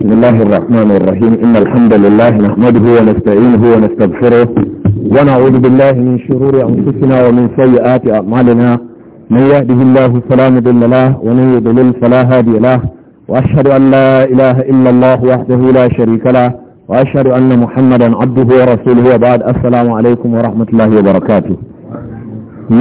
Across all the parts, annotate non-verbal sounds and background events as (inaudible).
بسم الله الرحمن الرحيم إن الحمد لله نحمده ونستعينه ونستغفره ونعوذ بالله من شرور أنفسنا ومن سيئات أعمالنا من يهده الله فلا مضل له ومن يضلل فلا هادي له وأشهد أن لا إله إلا الله وحده لا شريك له وأشهد أن محمدا عبده ورسوله وبعد السلام عليكم ورحمة الله وبركاته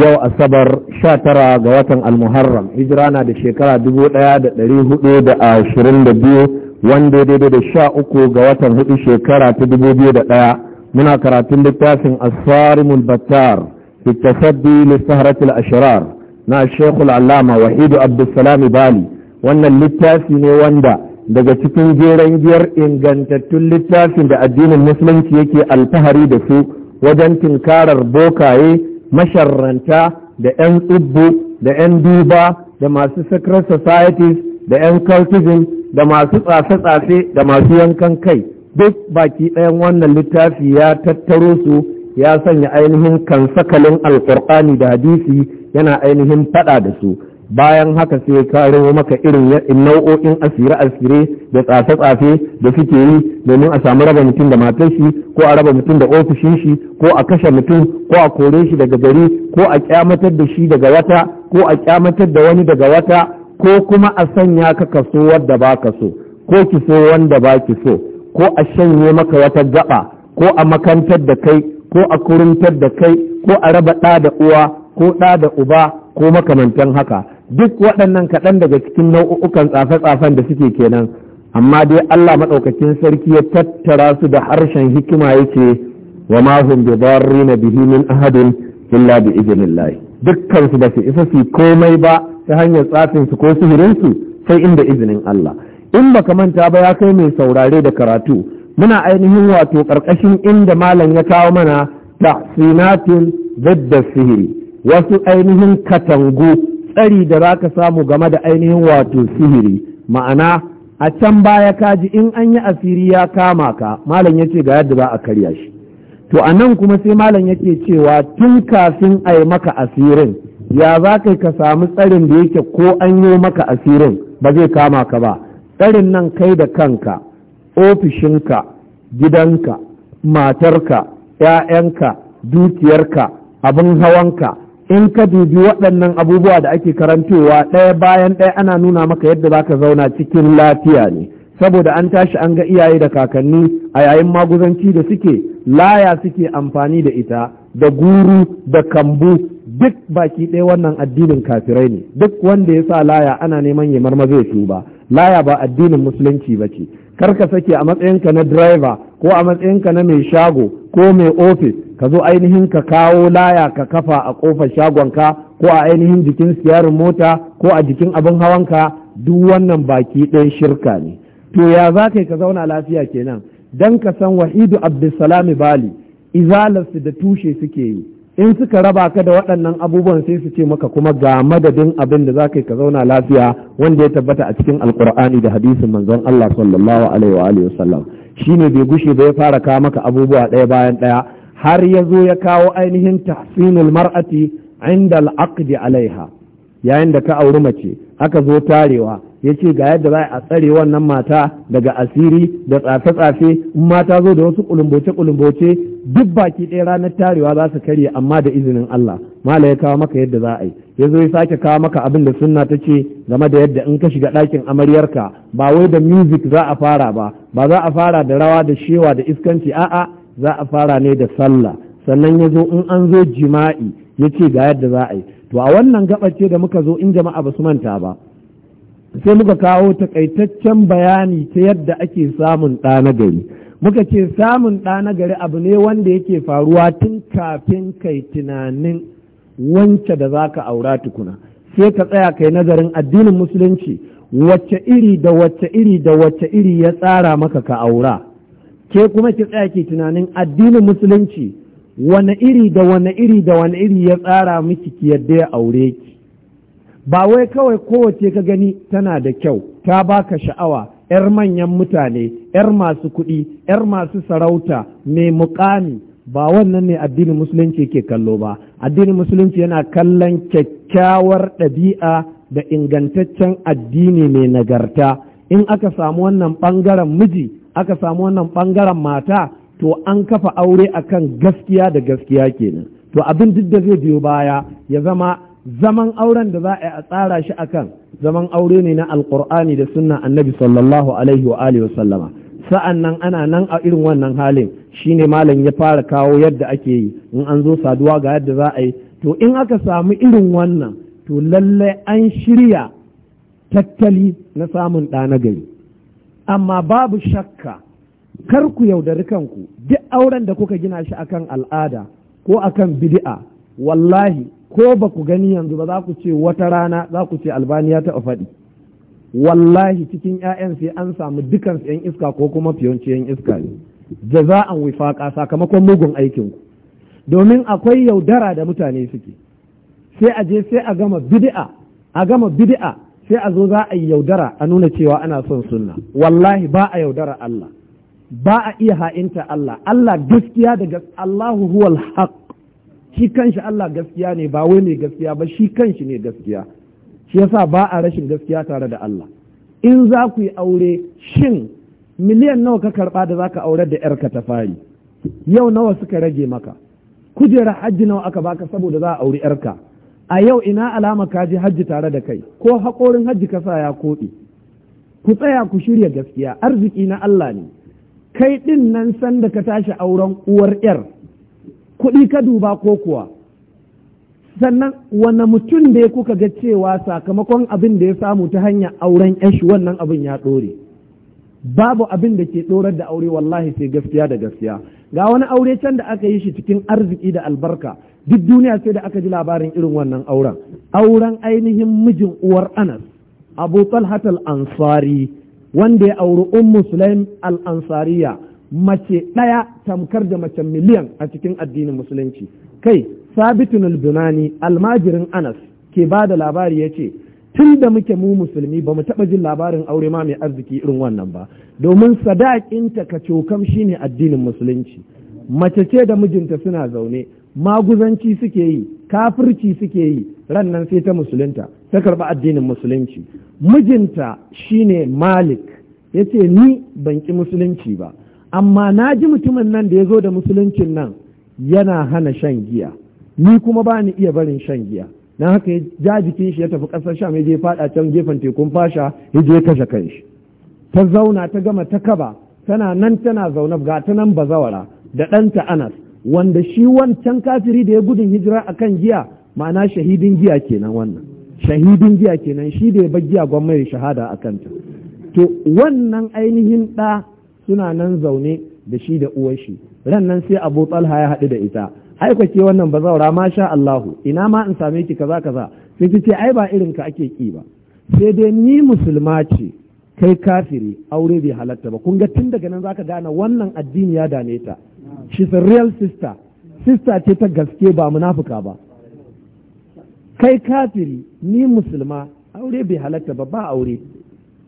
yau asabar sha tara ga watan almuharram hijira na da shekara dubu ɗaya da ɗari hudu da ashirin da biyu wanda daidai da sha uku ga watan hudu shekara ta dubu biyu da ɗaya muna karatun littafin asarimul battar fi tasaddi lissaharatul ashirar na shekul allama wahidu abdulsalami bali wannan littafi ne wanda daga cikin jeren giyar ingantattun littafin da addinin musulunci yake alfahari da su wajen tinkarar bokaye masharranta da 'yan tsibbu da 'yan duba da masu secret societies da 'yan cultism da masu tsafe-tsafe da masu yankan kai duk baki ɗayan wannan littafi ya tattaro su ya sanya ainihin kansakalin alkur'ani da hadisi yana ainihin faɗa da su bayan haka sai karo maka irin nau'o'in asire-asire da tsafe-tsafe da suke yi domin a samu raba mutum da matar shi ko a raba mutum da ofishin shi ko a kashe mutum ko a kore shi daga gari ko a kyamatar da shi daga wata ko a kyamatar da wani daga wata ko kuma a sanya ka kaso wadda ba ka so ko ki so wanda ba ki so ko a shanye maka wata gaba ko a makantar da kai ko a kuruntar da kai ko a raba ɗa da uwa ko ɗa da uba ko makamantan haka duk waɗannan kaɗan daga cikin nau'ukan tsafe-tsafen da suke kenan amma dai Allah maɗaukakin sarki ya tattara su da harshen hikima yake wa ma hum bi darrina bihi ahadin illa bi idnillah dukkan su ba su isa su komai ba ta hanyar tsafinsu ko sihirinsu sai inda izinin Allah in baka manta ba ya kai mai saurare da karatu muna ainihin wato ƙarƙashin inda malam ya kawo mana sinatin zadda sihiri wasu ainihin katangu tsari da za ka samu game da ainihin wato sihiri ma'ana a can baya kaji in an yi asiri ya kama ka malam ya ce ga yadda za a karya shi to a nan kuma sai malam yake cewa tun kafin a yi maka asirin ya za kai ka samu tsarin da yake ko an yi maka asirin ba zai kama ka ba tsarin nan kai da kanka ofishinka gidanka matarka ‘ya'yanka dukiyarka abin hawanka in ka dubi waɗannan abubuwa da ake karantowa ɗaya bayan ɗaya ana nuna maka yadda za ka zauna cikin lafiya ne saboda an tashi an ga iyaye da kakanni a yayin maguzanci da suke laya suke amfani da ita da guru da kambu duk baki ɗaya wannan addinin kafirai ne duk wanda ya sa laya ana neman ya marmaza ya tuba laya ba addinin musulunci ba ce kar ka sake a matsayinka na driver ko a matsayinka na mai shago ko mai ofis ka zo ainihin ka kawo laya ka kafa a kofar shagonka ko a ainihin jikin siyarin mota ko a jikin abin hawanka duk wannan baki ɗaya shirka ne to ya za ka ka zauna lafiya kenan dan ka san wahidu abdulsalami bali izalarsu da tushe suke yi in suka raba ka da waɗannan abubuwan sai su ce maka kuma ga madadin abin da zaka yi ka zauna lafiya wanda ya tabbata a cikin alkur'ani da hadisin manzon Allah sallallahu alaihi wa alihi wasallam shine bai gushe ba ya fara kawo maka abubuwa ɗaya bayan ɗaya har ya zo ya kawo ainihin tahsinul mar'ati inda al'aqdi alaiha yayin da ka auri mace aka zo tarewa ya ce ga yadda za a tsare wannan mata daga asiri da tsafe-tsafe in mata zo da wasu kulumboce-kulumboce duk baki ɗaya ranar tarewa za su karye amma da izinin Allah mala ya kawo maka yadda za a yi ya zo ya sake kawo maka abin da sunna ta ce game da yadda in ka shiga ɗakin amaryarka ba wai da music za a fara ba ba za a fara da rawa da shewa da iskanci a'a za a fara ne da sallah sannan ya zo in an zo jima'i ya ce ga yadda za a yi to a wannan gabace da muka zo in jama'a ba su manta ba sai muka kawo takaitaccen bayani ta yadda ake samun ɗa na gari muka ce samun ɗa na gari abu ne wanda yake faruwa tun kafin kai tunanin wance da za ka aura tukuna sai ka tsaya kai nazarin addinin musulunci wacce iri da wacce iri da wacce iri ya tsara maka ka aura ke kuma ki tsaya ke tunanin addinin musulunci wani iri da wani iri da wani iri ya tsara miki ki yadda ya aure ki ba wai kawai kowace ka gani tana da kyau ta baka sha'awa 'yar manyan mutane 'yar masu kuɗi 'yar masu sarauta mai mukami ba wannan ne addinin musulunci ke kallo ba addinin musulunci yana kallon kyakkyawar ɗabi'a da ingantaccen addini mai nagarta in aka samu wannan ɓangaren miji aka samu wannan ɓangaren mata to an kafa aure akan gaskiya da gaskiya kenan to abin duk da zai biyo baya ya zama zaman auren da za a yi a tsara shi akan zaman aure ne na alkur'ani da sunna annabi sallallahu alaihi wa alihi wasallama sa'an nan ana nan a irin wannan halin shine malam ya fara kawo yadda ake yi in an zo saduwa ga yadda za a yi to in aka samu irin wannan to lallai an shirya tattali na samun ɗa na gari amma babu shakka kar ku yaudari kanku duk auren da kuka gina shi akan al'ada ko akan bid'a wallahi ko ba ku gani yanzu ba za ku ce wata rana za ku ce albaniya ta faɗi wallahi cikin 'ya'yan sai an samu dukan yan iska ko kuma fiyonci yan iska ne jaza'an wifaqa sakamakon mugun aikin ku domin akwai yaudara da mutane suke sai a je sai a gama bid'a a gama bid'a sai a zo za a yi yaudara a nuna cewa ana son sunna wallahi ba a yaudara Allah ba a iya ha'inta Allah Allah gaskiya da Allahu huwal haq shi kanshi Allah gaskiya ne ba wai mai gaskiya ba shi kanshi ne gaskiya shi yasa ba a rashin gaskiya tare da Allah in za ku yi aure shin miliyan nawa ka karɓa da za ka aurar da yarka ta fari yau nawa suka rage maka kujerar hajji nawa aka baka saboda za a auri yarka a yau ina alama ka je hajji tare da kai ko haƙorin hajji ka sa ya koɗi? ku tsaya ku shirya gaskiya arziki na Allah ne kai ɗin nan sanda ka tashi auren uwar ƴar kuɗi ka duba ko kuwa sannan wani mutum da kuka ga cewa sakamakon abin da ya samu ta hanyar auren ƴashi wannan abin ya ɗore babu abin da ke ɗorar da aure wallahi sai gaskiya da gaskiya ga wani aure can da aka yi shi cikin arziki da albarka duk duniya sai da aka ji labarin irin wannan auren auren ainihin mijin uwar anas abu talhatal ansari wanda ya auri ummu sulaim al-ansariya mace ɗaya tamkar da macen miliyan a cikin addinin musulunci kai sabitun al-bunani almajirin anas ke bada labari ya ce tun da muke mu musulmi ba mu taɓa jin labarin aure ma mai arziki irin wannan ba domin sadakinta ka cokam shine addinin musulunci mace ce da mijinta suna zaune maguzanci suke yi kafirci suke yi ran nan sai ta musulunta ta karɓi addinin musulunci mijinta shine malik ya ce ni ban ƙi musulunci ba amma na ji mutumin nan da ya zo da musuluncin nan yana hana shan giya ni kuma ba ni iya barin shan giya na haka ya ja jikin shi ya tafi ƙasar sham ya je faɗa can gefen tekun fasha ya je kashe shi ta zauna ta gama ta kaba tana nan tana zaune ga ta nan bazawara da ɗanta anas wanda shi wancan kafiri da ya gudun hijira akan giya ma'ana shahidin giya kenan wannan shahidin jiya kenan shi da ya bar giya gwamnati shahada a kanta to wannan ainihin ɗa suna nan zaune da shi da uwar shi ran nan sai abu talha ya haɗu da ita Ai ke wannan bazaura ma sha Allahu ina ma in same ki kaza kaza sai ki ce ai ba irin ka ake ki ba sai dai ni musulma ce kai kafiri aure bai halatta ba kun ga tun daga nan zaka gane wannan addini ya dane ta she's a real sister sister ce ta gaske ba munafuka ba kai kafiri ni musulma aure bai halatta ba ba aure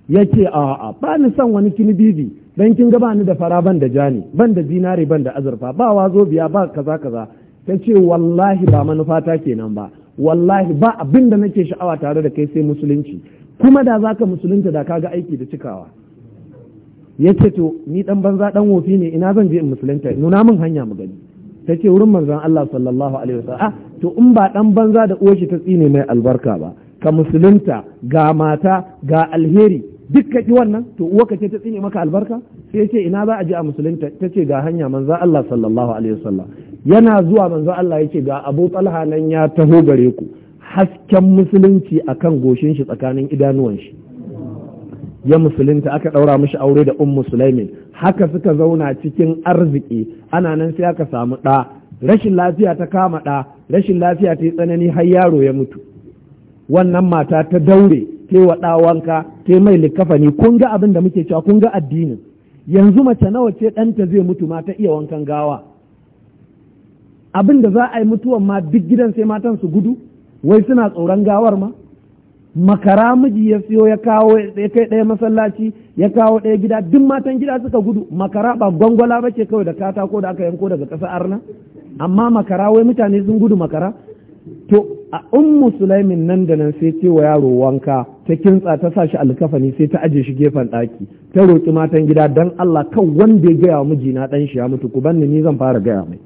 ya ce a'a ba ni son wani kini bibi dan kin ga ni da fara ban da jani ban da zinare ban da azurfa ba wazo biya ba kaza kaza ta ce wallahi ba manufata kenan ba wallahi ba abin da nake sha'awa tare da kai sai musulunci kuma da zaka musulunta da kaga aiki da cikawa ya ce to ni dan banza dan wofi ne ina zan je in musulunta nuna min hanya mu gani ta ce wurin manzan Allah sallallahu alaihi wasallam ah to in ba dan banza da uwar shi ta tsine mai albarka ba ka musulunta ga mata ga alheri duk ka ki wannan to uwa ka ce ta tsine maka albarka sai ce ina za a je a musulunta ta ce ga hanya manzan Allah sallallahu alaihi wasallam yana zuwa manzan Allah yake ga Abu Talha nan ya taho gare ku hasken musulunci akan goshin shi tsakanin idanuwan shi ya musulunta aka ɗaura mishi aure da ummu sulaimin haka suka zauna cikin arziki ana nan sai aka samu ɗa rashin lafiya ta kama ɗa rashin lafiya ta yi tsanani har yaro ya mutu wannan mata ta daure ta wa ɗa wanka ta mai likafani kun ga abin da muke cewa kun ga addinin yanzu mace nawa ce ɗanta zai mutu ma ta iya wankan gawa abin da za a yi mutuwan ma duk gidan sai matan su gudu wai suna tsoron gawar ma makara miji ya siyo ya kawo ya kai ɗaya masallaci ya kawo ɗaya gida duk matan gida suka gudu makara ba gwangwala ba ce kawai da katako da aka yanko daga ƙasa arna amma makara wai mutane sun gudu makara to a ummu sulaimin nan da nan sai ce wa yaro wanka ta kintsa ta sa shi alkafani sai ta aje shi gefen ɗaki ta roƙi matan gida dan Allah kan wanda ya gaya miji na ɗan shi ya mutu ku banni ni zan fara gaya mai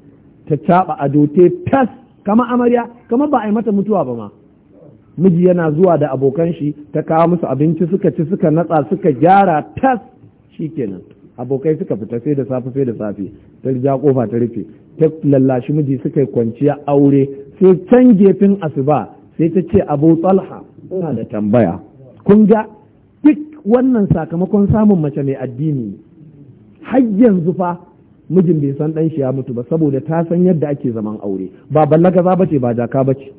ta caɓa ado tas kama amarya kama ba a yi mata mutuwa ba ma miji yana zuwa da abokan shi ta kawo musu abinci suka ci suka natsa suka gyara tas shikenan abokai suka fita sai da safe sai da safe ta ja kofa ta rufe ta lallashi miji suka yi kwanciya aure sai can gefen asuba sai ta ce abu talha ina da tambaya kun ga duk wannan sakamakon samun mace mai addini har yanzu fa mijin bai san dan shi ya mutu ba saboda ta san yadda ake zaman aure ba ballaga za bace ba jaka bace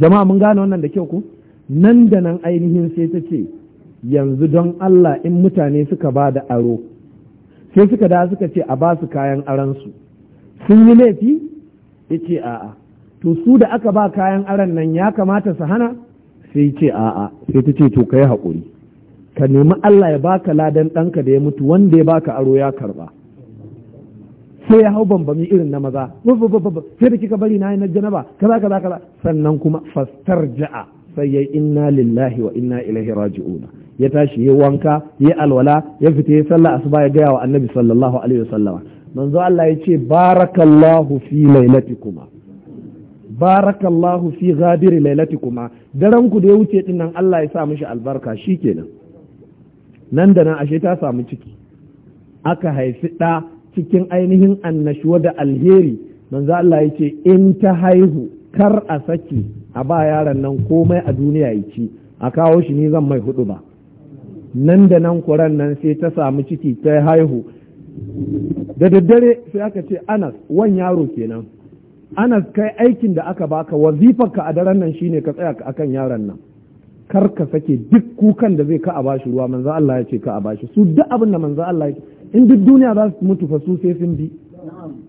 jama'a mun gane wannan da kyau ku nan da nan ainihin sai ta ce yanzu don Allah in mutane suka ba da aro sai suka da suka ce a ba su kayan su sun yi laifi ya ce a'a to su da aka ba kayan aron nan ya kamata su hana sai ce a'a sai ta ce to ka yi haƙuri ka nemi Allah ya baka ladan ɗanka da ya mutu wanda ya baka aro ya karba sai ya hau bambami irin na maza sai da kika bari na yi na janaba kaza kaza kaza sannan kuma fastar ja'a sai ya inna lillahi wa inna ilaihi raji'una ya tashi ya wanka ya alwala ya fita ya sallah asuba ya gaya wa annabi sallallahu alaihi wasallama manzo Allah ya ce barakallahu fi lailatikuma barakallahu fi ghadir lailatikuma daren ku da ya wuce ɗinnan Allah ya sa mishi albarka shikenan nan da nan ashe ta samu ciki aka haifi ɗa cikin ainihin annashuwa da alheri manzo Allah ya ce in ta haihu kar a saki a ba yaron nan komai a duniya ya ci a kawo shi ni zan mai hudu ba nan da nan kuran nan sai ta samu ciki ta haihu da daddare sai aka ce anas wan yaro kenan anas kai aikin da aka baka ka a daren nan shine ka tsaya akan yaron nan kar ka sake duk kukan da zai ka a bashi ruwa manzo Allah ya ce ka a bashi su duk abin da manzo Allah ya ce in duk duniya za su mutu fa su sai sun bi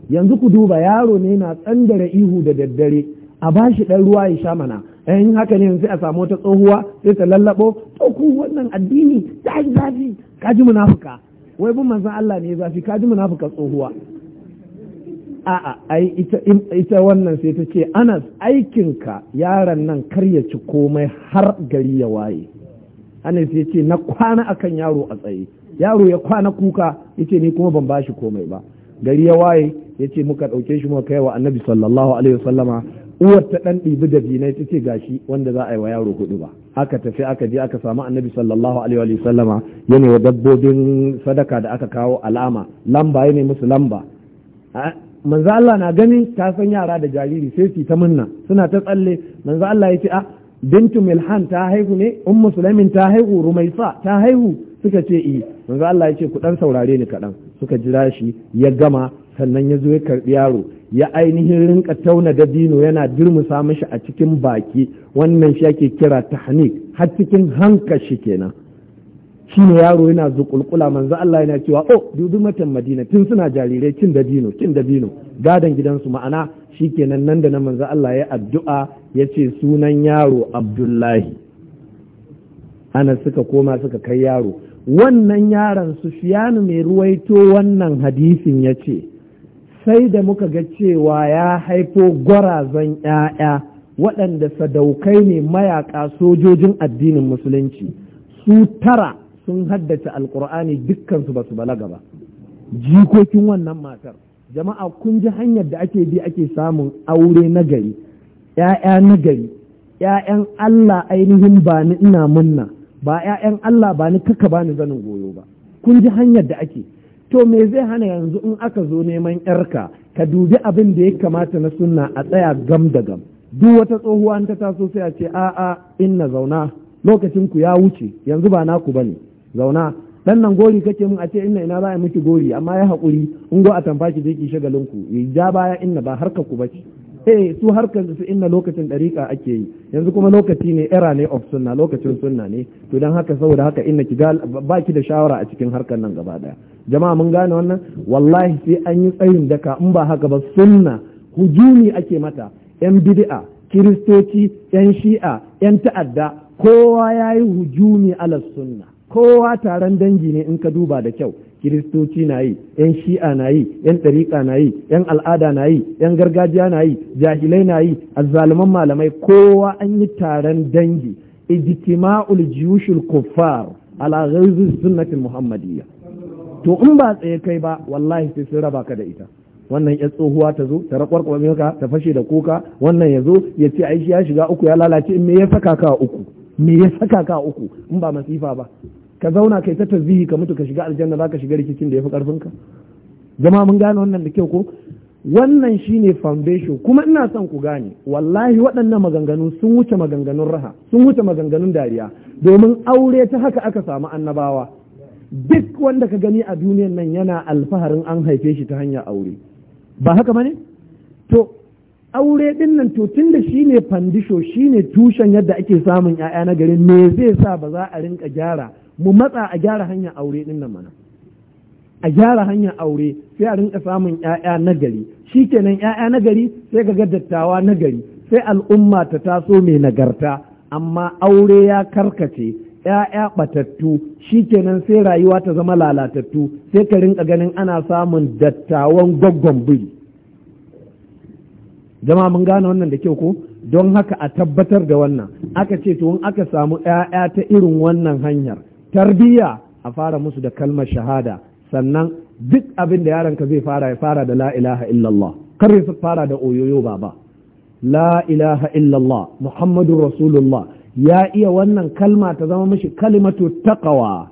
yanzu ku duba yaro ne na tsandare ihu da daddare a bashi dan ruwa ya sha mana eh, in haka ne sai a samu wata tsohuwa sai ta lallabo to ku wannan addini ta yi zafi kaji munafuka wai bin manzon Allah ne zafi kaji munafuka tsohuwa a ai ita wannan sai ta ce anas aikinka yaron nan kar ya ci komai har gari ya waye anas ya ce na kwana akan yaro a tsaye yaro ya kwana kuka yace ni kuma ban bashi komai ba gari ya waye yace muka dauke shi muka kai wa annabi sallallahu alaihi wasallama uwar ta dan dibi da binai tace ce gashi wanda za a yi wa yaro hudu ba aka tafi aka je aka samu annabi sallallahu alaihi wa yana dabbobin sadaka da aka kawo alama lamba yana musu lamba manzo Allah na gani ta san yara da jariri sai su ta munna suna ta tsalle manzo Allah ya a ah, bintu milhan ta haihu ne ummu sulaimin ta haihu rumaisa ta haihu suka ce i eh, manzo Allah ya ce ku dan saurare ni kaɗan suka jira shi ya gama sannan ya zo ya karɓi yaro ya ainihin rinka tauna dabino yana durmusa mishi a cikin baki wannan shi ake kira tahnik har cikin hankashi kenan shi ne yaro yana zuƙulƙula manzo Allah yana cewa oh dubi matan Madina tun suna jarirai cin dabino cin dabino gadan gidansu ma'ana shi kenan nan da nan manzo Allah ya addu'a ya ce sunan yaro Abdullahi ana suka koma suka kai yaro wannan yaron fiyanu mai ruwaito wannan hadisin ya ce sai da muka ga cewa ya haifo gwarazan 'ya'ya waɗanda sadaukai ne mayaka sojojin addinin musulunci su tara sun haddace alkur'ani dukkansu ba su balaga ba jikokin wannan matar jama'a kun ji hanyar da ake bi ake samun aure nagari 'ya'ya na gari 'ya'yan allah ainihin ba ni ina munna ba 'ya'yan Allah ba ni kaka bani zanin goyo ba kun ji hanyar da ake to me zai hana yanzu in aka zo neman yarka ka dubi abin da ya kamata na sunna a tsaya gam da gam duk wata tsohuwa ta taso sai a ce a'a inna zauna lokacin ku ya wuce yanzu ba naku bane zauna dan nan gori kake mun a ce inna ina za a miki gori amma ya haƙuri in go a tamfa ki je ki shagalin ku ya ja baya inna ba harka ku bace eh su harkar su inna lokacin dariƙa ake yi yanzu kuma lokaci ne era ne of sunna lokacin sunna ne to dan haka saboda haka inna ki ga baki da shawara a cikin harkar nan gaba daya jama'a mun gane wannan wallahi sai an yi tsayin daka in ba haka ba sunna hujumi ake mata yan bid'a kiristoci yan shi'a yan ta'adda kowa yayi hujumi ala sunna kowa taron dangi ne in ka duba da kyau kiristoci na yi yan shi'a na yi yan ɗariƙa na yi yan al'ada na yi yan gargajiya na yi jahilai na yi azzaluman malamai kowa an yi taron dangi ijtima'ul jiyushul kuffar ala ghayzi sunnatil muhammadiyya to in ba tsaye kai ba wallahi sai sun raba ka da ita wannan ya tsohuwa ta zo ta rakwarkwame maka ta fashe da kuka wannan ya zo ya ce ai shi ya shiga uku ya lalace in me ya saka ka uku me ya saka ka uku in ba masifa ba ka zauna kai ta tasbihi ka mutu ka shiga aljanna za ka shiga rikicin da ya fi ƙarfinka. zama mun gane wannan da kyau ko wannan shine foundation kuma ina son ku gane wallahi waɗannan maganganu sun wuce maganganun raha sun wuce maganganun dariya domin aure ta haka aka samu annabawa duk wanda ka gani a duniyan nan yana alfaharin an haife shi ta hanyar aure ba haka bane to aure din nan to tunda shine fandisho shine tushen yadda ake samun 'ya'ya na garin me zai sa ba za a rinka gyara mu matsa a gyara hanyar aure din nan mana a gyara hanyar aure sai a rinka samun ƴaƴa na gari kenan ƴaƴa na gari sai ga dattawa na gari sai al'umma ta taso mai nagarta amma aure ya karkace ƴaƴa batattu shi kenan sai rayuwa ta zama lalatattu sai ka rinka ganin ana samun dattawan gwaggon biri Zama mun gane wannan da kyau ko don haka a tabbatar da wannan aka ce to in aka samu ƴaƴa ta irin wannan hanyar tarbiyya a fara musu da kalmar shahada sannan duk abin da yaronka zai fara ya fara da la ilaha illallah kar ya fara da oyoyo baba la ilaha illallah muhammadun rasulullah ya iya wannan kalma ta zama mishi kalimatu taqwa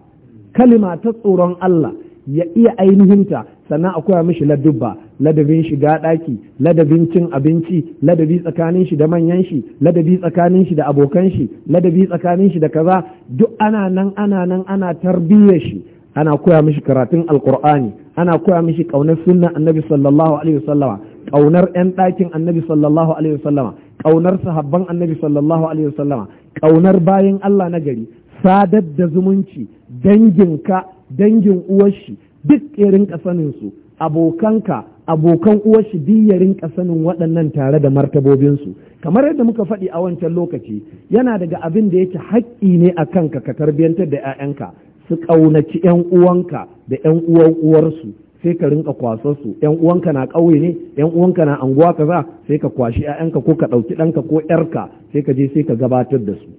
kalima ta tsoron Allah ya iya ainihinta sannan a koya mishi ladubba ladabin shiga ɗaki ladabin cin abinci ladabi tsakanin shi da manyan shi ladabi tsakanin shi da abokan shi ladabi tsakanin shi da kaza duk ana nan ana nan ana tarbiyyar shi ana koya mishi karatun alkur'ani ana koya mishi ƙaunar sunna annabi sallallahu alaihi wasallama ƙaunar 'yan ɗakin annabi sallallahu alaihi wasallama ƙaunar sahabban annabi sallallahu alaihi wasallama ƙaunar bayan Allah na gari sadar da zumunci danginka dangin uwar shi duk ya rinka saninsu, abokanka abokan uwarshi shi ya rinka sanin waɗannan tare da martabobinsu kamar yadda muka faɗi a wancan lokaci yana daga abin da yake haƙƙi ne a kanka ka tarbiyyantar da 'ya'yanka su ƙaunaci 'yan uwanka da 'yan uwan uwarsu sai ka rinka kwasansu 'yan uwanka na ƙauye ne 'yan uwanka na anguwa kaza sai ka kwashi 'ya'yanka ko ka ɗauki ɗanka ko 'yarka sai ka je sai ka gabatar da su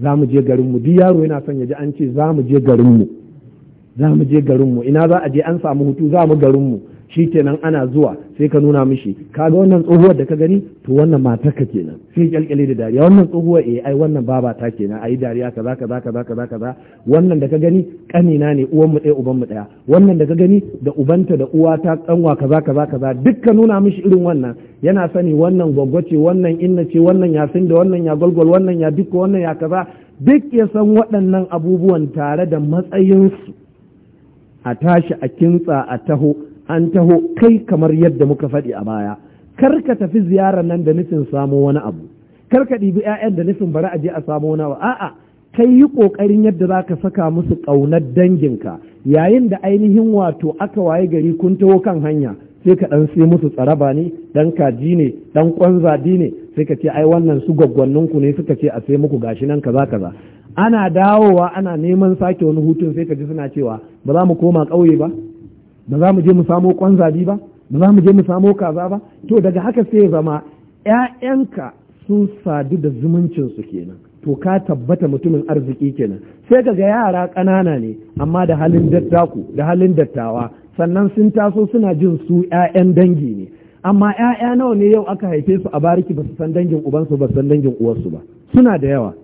za mu je garinmu duk yaro yana son ya ji an ce za mu je garinmu za mu je garinmu ina za a je an samu hutu za mu garinmu shi kenan ana zuwa sai ka nuna mishi kaga wannan tsohuwar da ka gani to wannan matar ka kenan sai kyalkyale da dariya wannan tsohuwar eh ai wannan baba ta kenan ai dariya kaza kaza kaza kaza kaza wannan da ka gani kanina ne uwan mu ɗaya uban mu ɗaya wannan da ka gani da ubanta da uwa ta kanwa kaza kaza kaza duk ka nuna mishi irin wannan yana sani wannan gwaggwa wannan inna ce wannan ya sinda wannan ya gwalgwal wannan ya dukka wannan ya kaza duk ya san waɗannan abubuwan tare da matsayinsu a tashi a kintsa a taho an taho kai kamar yadda muka faɗi a baya kar ka tafi ziyarar nan da nufin samo wani abu kar ka ɗibi 'ya'yan da nufin bari a je a samo wani abu a'a kai yi ƙoƙarin yadda za ka saka musu ƙaunar danginka yayin da ainihin wato aka waye gari kun taho kan hanya sai ka ɗan sai musu tsaraba ne ɗan kaji ne ɗan kwanzadi ne sai ka ce ai wannan su ku ne suka ce a sai muku gashi nan kaza kaza ana dawowa ana neman sake wani hutun sai ka ji suna cewa ba za mu koma ƙauye ba ba za mu je mu samo ƙwanzabi ba ba za mu je mu samo kaza ba to daga haka sai ya zama ‘ya'yanka sun sadu da zumuncinsu kenan to ka tabbata mutumin arziki kenan sai ga yara ƙanana ne amma da halin dattaku da halin dattawa sannan sun taso suna jin su ‘ya'yan dangi ne amma ‘ya'ya nawa ne yau aka haife su a bariki ba su san dangin ubansu ba san dangin uwarsu ba suna da yawa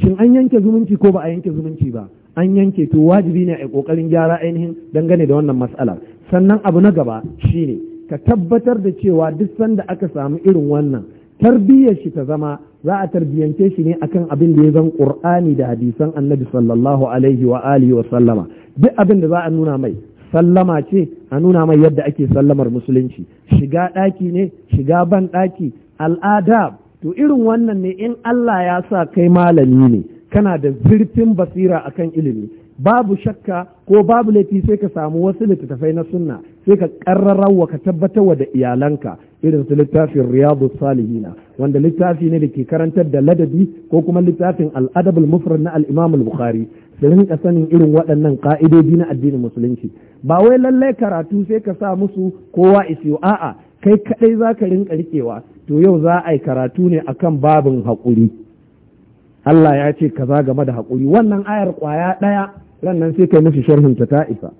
shin an yanke zumunci ko ba a yanke zumunci ba an yanke to wajibi ne a yi kokarin gyara ainihin dangane da wannan mas'alar sannan abu na gaba shine ka tabbatar da cewa duk sanda aka samu irin wannan tarbiyyar shi ta zama za a tarbiyyance shi ne akan abin da ya zan qur'ani da hadisan annabi sallallahu alaihi wa alihi wa sallama duk abin da za a nuna mai sallama ce a nuna mai yadda ake sallamar musulunci shiga ɗaki ne shiga ban ɗaki al'adab to irin wannan ne in Allah ya sa kai malami ne kana da zurfin basira a kan ilimi babu shakka ko babu laifi sai ka samu wasu littattafai na sunna sai ka karrarawa ka wa da iyalanka irin su littafin riyadu salihina wanda littafi ne da ke karantar da ladabi ko kuma littafin al'adabul mufrad na al'imamul bukhari su rinka sanin irin waɗannan ƙa'idodi na addinin musulunci ba wai lallai karatu sai ka sa musu kowa isiyo a'a kai kaɗai za ka rinka riƙewa to yau za a yi karatu ne akan babin haƙuri Allah ya ce kaza game da haƙuri wannan ayar ƙwaya ɗaya rannan sai kai mafi sharhin ta isa.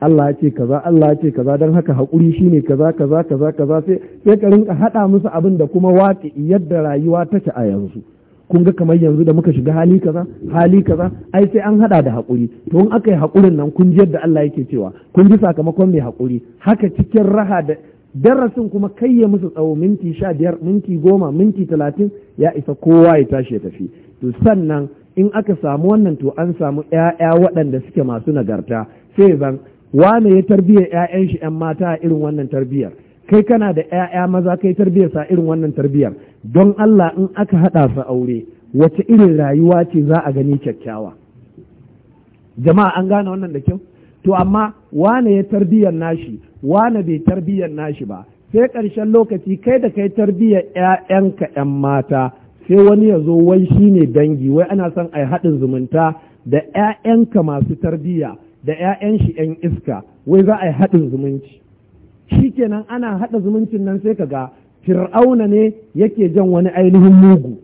Allah ya ce kaza Allah ya ce kaza don haka haƙuri shine kaza kaza kaza kaza sai ka rinka haɗa musu abin da kuma waƙi yadda rayuwa take a yanzu kun ga kamar yanzu da muka shiga hali kaza hali kaza ai sai an haɗa da haƙuri. to in aka yi haƙurin nan kun ji yadda Allah yake cewa kun ji sakamakon mai haƙuri? haka cikin raha da darasin kuma kai ya musu tsawo minti sha biyar minti goma minti talatin ya isa kowa ya tashi ya tafi to sannan in aka samu wannan to an samu ‘ya'ya waɗanda suke masu nagarta sai zan wane ya tarbiyyar ‘ya'yan shi ‘yan mata a irin wannan tarbiyyar kai kana da ‘ya'ya maza kai tarbiyyar sa irin wannan tarbiyyar don Allah in aka haɗa su aure wace irin rayuwa ce za a gani kyakkyawa jama'a an gane wannan da kyau to amma wane ya tarbiyyar nashi wane bai tarbiyyar nashi ba sai ƙarshen lokaci kai da kai tarbiyyar 'ya'yanka 'yan mata sai wani ya zo wai shi ne dangi wai ana son a yi haɗin zumunta da 'ya'yanka masu tarbiyya da 'ya'yan shi 'yan iska wai za a yi haɗin zumunci Shi kenan ana haɗa zumuncin nan sai kaga fir'auna ne yake jan wani ainihin mugu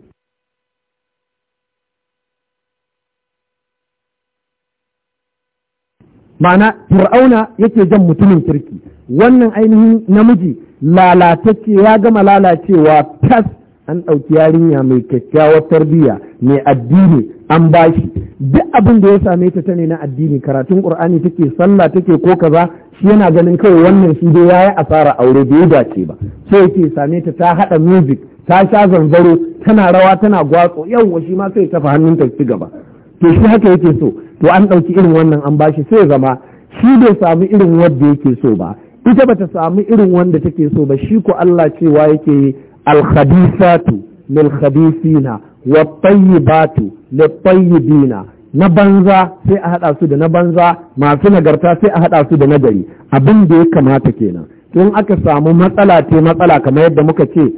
ma'ana fir'auna yake jan mutumin kirki wannan ainihin namiji lalatacce ya gama lalacewa tas an ɗauki yarinya mai kyakkyawar tarbiyya mai addini an bashi duk abin da ya same ta ta ne na addini karatun ƙur'ani take sallah take ko kaza shi yana ganin kawai wannan shi dai yayi asara aure bai dace ba sai yake same ta ta haɗa music ta sha zanzaro tana rawa tana gwatso yawwa shi ma sai tafi hannun ta ci gaba to shi haka yake so to an ɗauki irin wannan an bashi sai zama shi bai samu irin wanda yake so ba ita bata samu irin wanda take so ba shi ko Allah cewa yake alhadisatu lil khabisina wa tayyibatu lil tayyibina na banza sai a hada su da na banza masu nagarta sai a hada su da nagari abin da ya kamata kenan in aka samu matsala ce matsala kamar yadda muka ce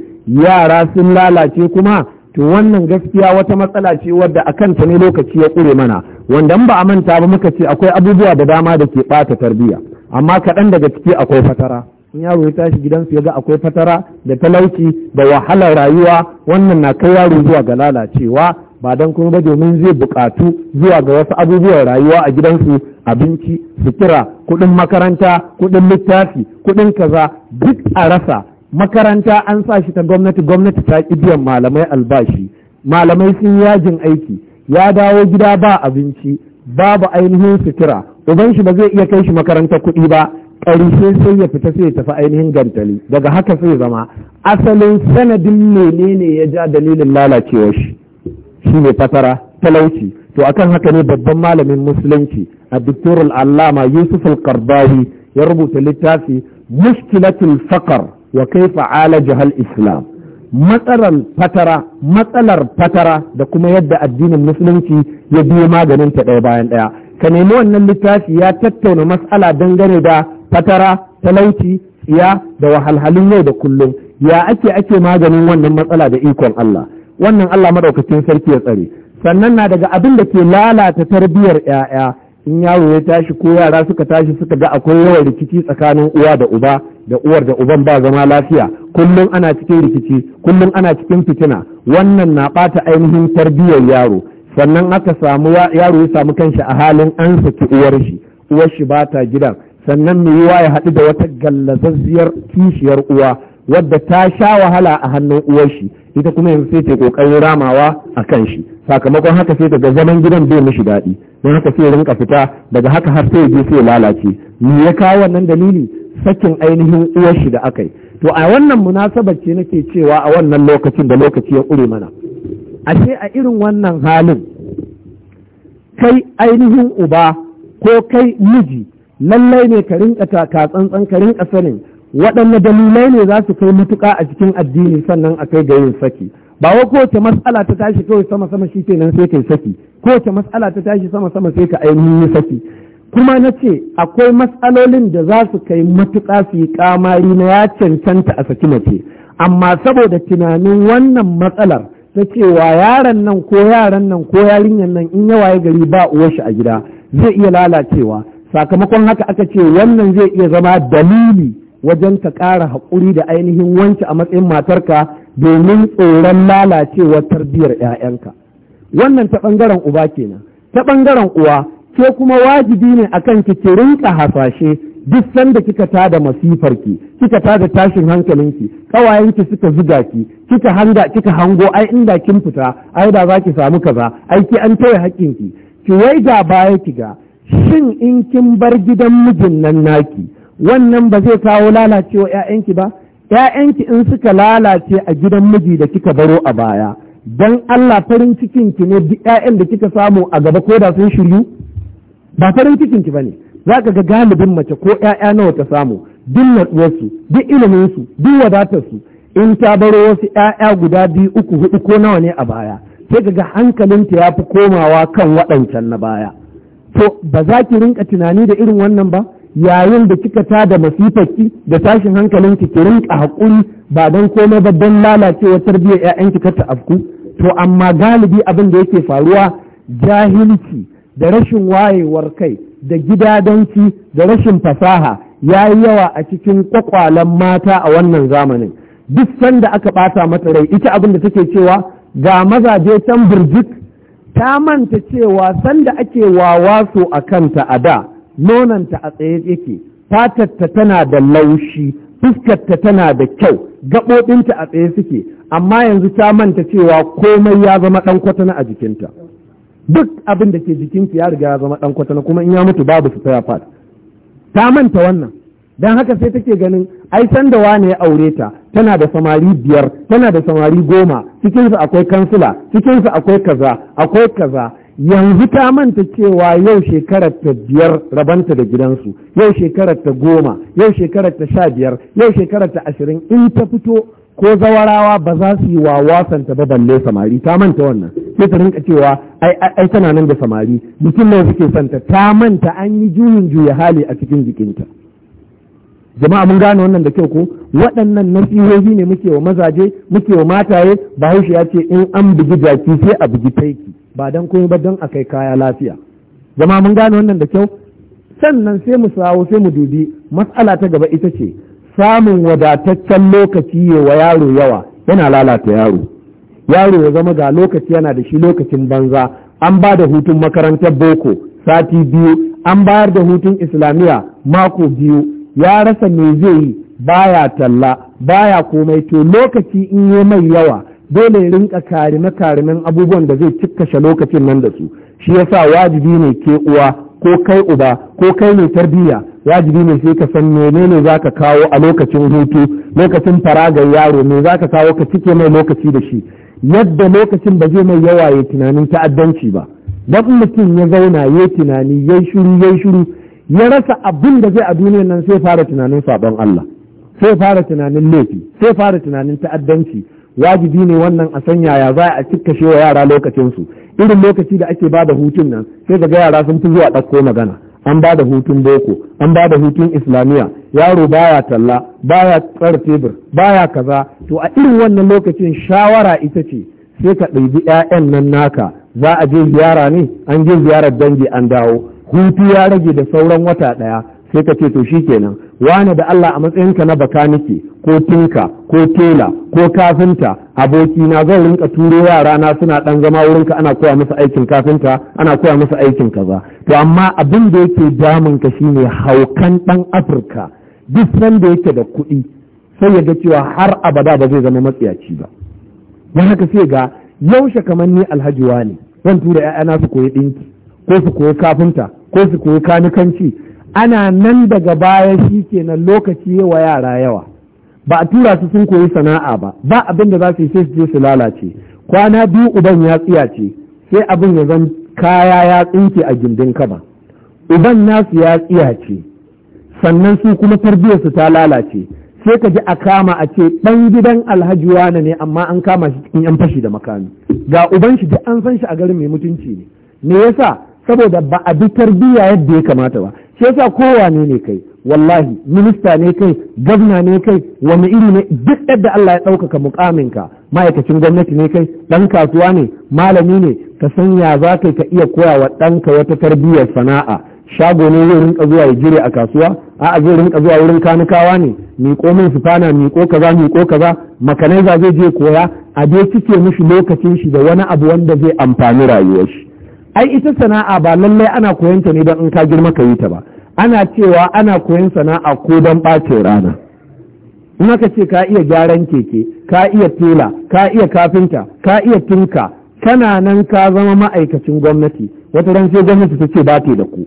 yara sun lalace kuma to wannan gaskiya wata matsala ce wadda a kanta ne lokaci ya ƙure mana wanda ba a manta ba muka ce akwai abubuwa da dama da ke ɓata tarbiyya amma kaɗan daga ciki akwai fatara in yaro ya tashi gidansu ya ga akwai fatara da talauci da wahalar rayuwa wannan na kai yaro zuwa ga lalacewa ba don kuma ba domin zai buƙatu zuwa ga wasu abubuwan rayuwa a gidansu abinci sutura kuɗin makaranta kuɗin littafi kuɗin kaza duk a rasa makaranta an sa shi ta gwamnati gwamnati ta ƙi biyan malamai albashi malamai sun yajin aiki ya dawo gida ba abinci babu ainihin sutura uban shi ba zai iya kai shi makarantar kuɗi ba ƙarshe sai ya fita sai ya tafi ainihin gantali daga haka sai zama asalin sanadin menene ya ja dalilin lalacewa shi shi ne fatara talauci to akan haka ne babban malamin musulunci a doktorul allama yusuf al ya rubuta littafi mushkilatul fakar wa kaifa alaja hal islam matsalar fatara matsalar fatara da kuma yadda addinin musulunci ya biyo maganin ta ɗaya bayan ɗaya ka nemi wannan littafi ya tattauna mas'ala dangane da fatara talauci tsiya da wahalhalun yau da kullum ya ake ake maganin wannan matsala da ikon Allah wannan Allah maɗaukacin sarki ya tsare sannan na daga abin da ke lalata tarbiyyar 'ya'ya in yaro ya tashi ko yara suka tashi suka ga akwai yawan rikici tsakanin uwa da uba da uwar da uban ba zama lafiya kullum ana cikin rikici kullum ana cikin fitina wannan na ɓata ainihin tarbiyyar yaro sannan aka samu yaro ya samu kanshi a halin an saki uwar shi uwar shi ba ta gidan sannan mai yiwa ya haɗu da wata gallazazziyar kishiyar uwa wadda ta sha wahala a hannun uwar shi ita kuma yanzu sai ta kokarin ramawa a kan shi sakamakon haka sai daga zaman gidan bai mishi daɗi don haka sai rinka fita daga haka har sai je sai lalace me ya kawo wannan dalili sakin ainihin uwar shi da aka yi to a wannan munasabar ce nake cewa a wannan lokacin da lokaci ya ƙure mana ashe a irin wannan halin kai ainihin uba ko kai miji lallai ne ka rinka taka tsantsan ka rinka sanin waɗanne dalilai ne za su kai matuƙa a cikin addini sannan a kai ga yin saki ba wa kowace matsala ta tashi kawai sama sama shi nan sai kai saki kowace matsala ta tashi sama sama sai ka ainihin yi saki kuma na ce akwai matsalolin da za su kai matuƙa su yi kamari na ya cancanta a saki mace amma saboda tunanin wannan matsalar na cewa yaran nan ko yaran nan ko yarinyar nan in yawa ya gari ba uwar shi a gida zai iya lalacewa sakamakon haka aka ce wannan zai iya zama dalili wajen ka ƙara haƙuri da ainihin wanci a matsayin matarka domin tsoron lalacewar tarbiyyar 'ya'yanka wannan ta ɓangaren uba kenan ta ɓangaren uwa ke kuma wajibi ne akan ki ki rinka hasashe duk sanda kika tada masifar ki kika tada tashin hankalin ki kawayen suka zuga ki kika hanga kika hango ai inda kin fita ai da zaki samu kaza ai ki an taya hakkin ki ki wai da baya ki ga shin in kin bar gidan mijin nan naki wannan ba zai kawo lalacewa ƴaƴanki ba ƴaƴanki in suka lalace a gidan miji da kika baro a baya don Allah farin cikin ne duk ƴaƴan da kika samu a gaba ko da sun shiryu ba farin cikin ki bane za ka ga galibin mace ko 'ya'ya nawa ta samu duk natsuwarsu duk iliminsu duk wadatarsu in ta baro wasu 'ya'ya guda biyu uku hudu ko nawa ne a baya sai ka ga hankalinta ya fi komawa kan waɗancan na baya to ba za ki rinka tunani da irin wannan ba yayin da kika ta da masifarki da tashin hankalinki ki rinka haƙuri ba don komai ba don lalacewa tarbiyyar 'ya'yanki ka ta afku to amma galibi abin da yake faruwa jahilci da rashin wayewar kai da gidadanci da rashin fasaha ya yi yawa a cikin kwakwalen mata a wannan zamanin duk sanda aka ɓata mata rai ita abin da take cewa ga mazaje can birjik ta manta cewa sanda ake wawaso a kanta a da nonanta a tsaye yake fatarta tana da laushi fuskarta tana da kyau gaɓoɓinta a tsaye suke amma yanzu ta manta cewa komai ya zama ɗan kwatana a jikinta. duk abin da ke jikinsu ya riga ya zama ɗan kwatana kuma in ya mutu babu su tsaya fat ta manta wannan don haka sai take ganin ai sanda wane ya aure ta tana da samari biyar tana da samari goma su akwai kansila su akwai kaza akwai kaza yanzu ta manta cewa yau shekarar ta biyar rabanta da gidansu yau shekarar ta goma yau shekarar ta sha biyar yau shekarar ta ashirin in ta fito ko zawarawa ba za su yi wa wasanta ba balle samari ta manta wannan sai ta rinka cewa ai tana nan da samari bikin nan suke santa ta manta an yi juyin juya hali a cikin jikinta jama'a mun gane wannan da kyau ko waɗannan nasihohi ne muke wa mazaje muke wa mataye bahaushe ya ce in an bugi jaki sai a bugi taiki ba dan komai ba don a kai kaya lafiya jama'a mun gane wannan da kyau sannan sai mu sawo sai mu dubi matsala ta gaba ita ce samun wadataccen lokaci wa yaro yawa yana lalata yaro yaro ya zama ga lokaci yana da shi lokacin banza an ba da hutun makarantar boko sati biyu an bayar da hutun islamiyya mako biyu ya rasa me zai yi baya talla baya komai to lokaci in yi mai yawa dole ya rinka karime karimen abubuwan da zai cikkashe lokacin nan da su shi yasa wajibi ne ke uwa ko kai uba ko kai mai tarbiyya wajibi ne sai ka san menene za ka kawo a lokacin hutu lokacin faragar yaro me za ka kawo ka cike mai lokaci da shi yadda lokacin ba zai mai yawa ya tunanin ta'addanci ba dan mutum ya zauna ya tunani ya yi shiru ya yi shiru ya rasa abin da zai a duniyar nan sai fara tunanin sabon Allah sai fara tunanin laifi sai fara tunanin ta'addanci wajibi ne wannan a sanya ya za a cika wa yara lokacinsu irin lokaci da ake ba da hutun nan sai ga yara sun fi zuwa ɗauko magana an ba da hutun boko an ba da hutun islamiyya yaro baya talla baya tsara tebur baya kaza to a irin wannan lokacin shawara ita ce sai ka ɗaibi 'ya'yan nan naka za a je ziyara ne an je ziyarar dangi an dawo hutu ya rage da sauran wata ɗaya sai ka ce to shi kenan wane da Allah a matsayinka na baka bakanike ko tinka ko tela ko kafinta abokina zan rinka turo yara na suna dan zama wurinka ana koya musu aikin kafinta ana koya musu aikin kaza to amma abin da yake damun ka shine haukan dan Afirka duk sanda yake da kuɗi sai ya ga cewa har abada ba zai zama matsiyaci ba dan haka sai ga yaushe kamar ni alhaji ne zan tura 'ya'yana su koyi ɗinki ko su koyi kafinta ko su koyi kanikanci ana nan daga baya shi kenan lokaci wa yara yawa ba a tura su sun koyi sana'a ba ba abin da za su yi sai su je su lalace kwana biyu uban ya tsiyace sai abin ya zan kaya ya tsinke a gindin kaba uban nasu ya tsiyace sannan su kuma tarbiyyarsu ta lalace sai ka ji a kama a ce ɗan gidan alhaji wane ne amma an kama shi cikin yan fashi da makami ga uban shi duk an san shi a garin mai mutunci ne me yasa saboda ba a bi tarbiyya yadda ya kamata ba shi yasa kowane ne kai wallahi minista ne kai gwamna ne kai wani iri ne duk yadda Allah ya ɗaukaka mukaminka ma'aikacin gwamnati ne kai ɗan kasuwa ne malami ne ka sanya za ka ka iya koya wa ɗanka wata tarbiyyar sana'a shago ne zai rinka zuwa ya jire a kasuwa a'a zai rinka zuwa wurin kanukawa ne miƙo min sufana miƙo kaza miƙo kaza za zai je koya a dai cike mishi lokacin shi da wani abu wanda zai amfani rayuwar shi ai ita sana'a ba lallai ana koyon ta ne don in ka girma ka yi ta ba ana cewa ana koyon sana'a ko don ɓacin rana in aka ce ka iya gyaran keke ka iya tela ka iya kafinta ka iya tunka, kana nan ka zama ma'aikacin gwamnati wata ran sai gwamnati ta ce ba ta da ku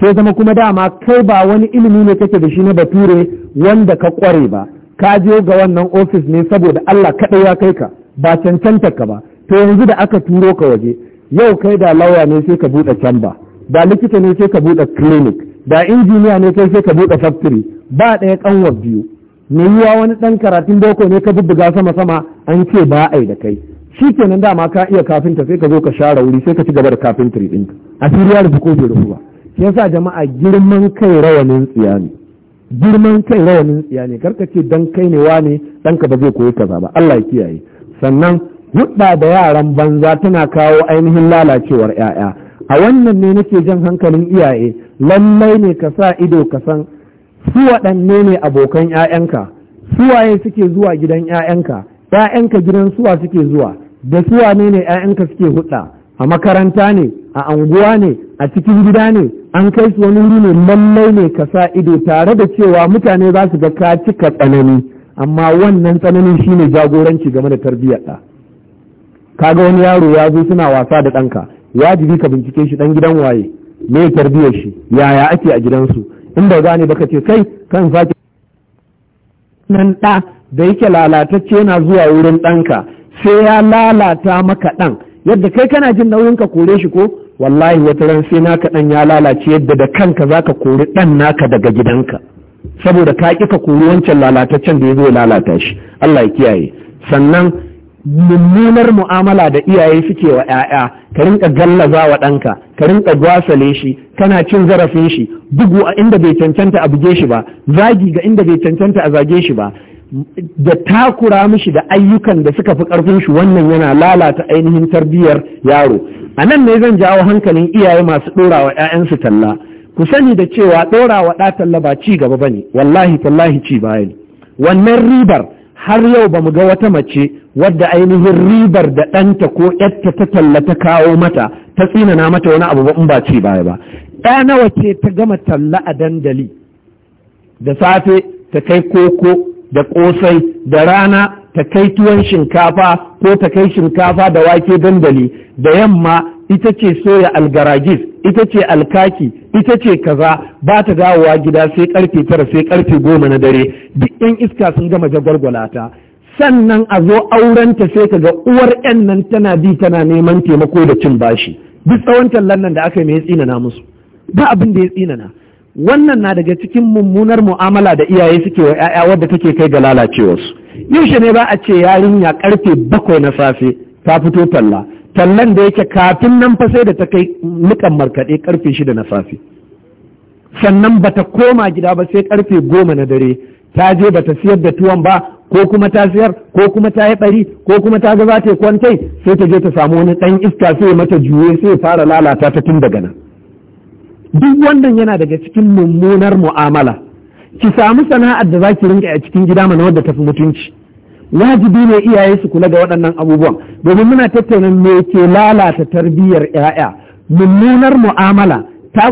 sai zama kuma dama kai ba wani ilimi ne kake da shi na bature wanda ka kware ba ka je ga wannan ofis ne saboda Allah kaɗai ya kai ka ba cancanta ka ba to yanzu da aka turo ka waje yau kai da lawa ne sai ka buɗe camba da likita ne sai ka buɗe clinic da injiniya ne sai ka buɗe factory ba ɗaya kanwar biyu me yiwa wani ɗan karatun boko ne ka bubbuga sama sama an ce ba ai da kai shi kenan dama ka iya kafinta sai ka zo ka share wuri sai ka ci gaba da kafintiri ɗinka A siriya da ko bai rufu ba sa jama'a girman kai rawanin tsiya ne girman kai rawanin tsiya ne karka ce dan kai ne wane ɗanka ba zai koyi kaza ba Allah ya kiyaye sannan hudda da yaran banza tana kawo ainihin lalacewar 'ya'ya a wannan ne nake jan hankalin iyaye lallai ne ka sa ido ka san su waɗanne ne abokan 'ya'yanka suwaye suke zuwa gidan 'ya'yanka 'ya'yanka gidan suwa suke zuwa da suwa ne ne 'ya'yanka suke hudda a makaranta ne a anguwa ne a cikin gida ne an kai su wani wuri ne lallai ne ka sa ido tare da cewa mutane za su ga ka cika tsanani amma wannan tsananin shine jagoranci game da tarbiyyar ɗa. Ka ga wani yaro ya zo suna wasa da ɗanka wajibi ka bincike shi ɗan gidan waye me ya tarbiyyar shi yaya ake a gidansu in ba gane baka ce kai kan sake nan ɗa da yake lalatacce yana zuwa wurin ɗanka sai ya lalata maka ɗan yadda kai kana jin nauyin ka kore shi ko wallahi wata ran sai naka ɗan ya lalace yadda da kanka zaka kori ɗan naka daga gidanka saboda ka ƙi ka kori wancan lalataccen da ya zo lalata shi Allah ya kiyaye sannan mummunar mu'amala da iyaye suke wa 'ya'ya ka rinka gallaza wa ɗanka ka rinka gwasale shi kana cin zarafin shi bugu a inda bai cancanta a buge shi ba zagi ga inda bai cancanta a zage shi ba da takura mishi da ayyukan da suka fi ƙarfin shi wannan yana lalata ainihin tarbiyyar yaro a nan ne zan jawo hankalin iyaye masu ɗora wa 'ya'yansu talla ku sani da cewa ɗora wa ɗa talla ba ci gaba ba ne wallahi tallahi ci baya wannan ribar har yau ba mu ga wata mace wadda ainihin ribar da ɗanta ko ƴatta ta tallata kawo mata ta tsinana mata wani abu in ba ci baya ba ɗa nawa ce ta gama talla a dandali da safe ta kai koko da ƙosai da rana ta kai tuwon shinkafa ko ta kai shinkafa da wake dandali da yamma ita ce soya algaragis ita ce alkaki ita ce kaza ba ta dawowa gida sai karfe tara sai karfe goma na dare duk yan iska sun gama jagwalgwala ta sannan a zo aurenta sai ka ga uwar yan nan tana bi tana neman taimako da cin bashi duk tsawon tallan nan da aka yi mai na musu ba abin da ya tsinana wannan na daga cikin mummunar mu'amala da iyaye suke wa 'ya'ya wadda take kai ga lalacewarsu yaushe ne ba a ce yarinya karfe bakwai na safe ta fito talla tallan da yake kafin nan fa sai da ta kai nukan markaɗe karfe shida na safe sannan bata koma gida ba sai karfe goma na dare ta je bata siyar da tuwon ba ko kuma ta siyar ko kuma ta yi bari ko kuma ta ga zata ta kwantai sai ta je ta samu wani ɗan iska sai mata juye sai fara lalata ta tun daga nan duk wannan yana daga cikin mummunar mu'amala ki samu sana'ar da zaki ki rinka a cikin gida mana wadda tafi mutunci wajibi ne iyaye su kula ga waɗannan abubuwan domin muna tattauna me ke lalata tarbiyyar 'ya'ya mummunar mu'amala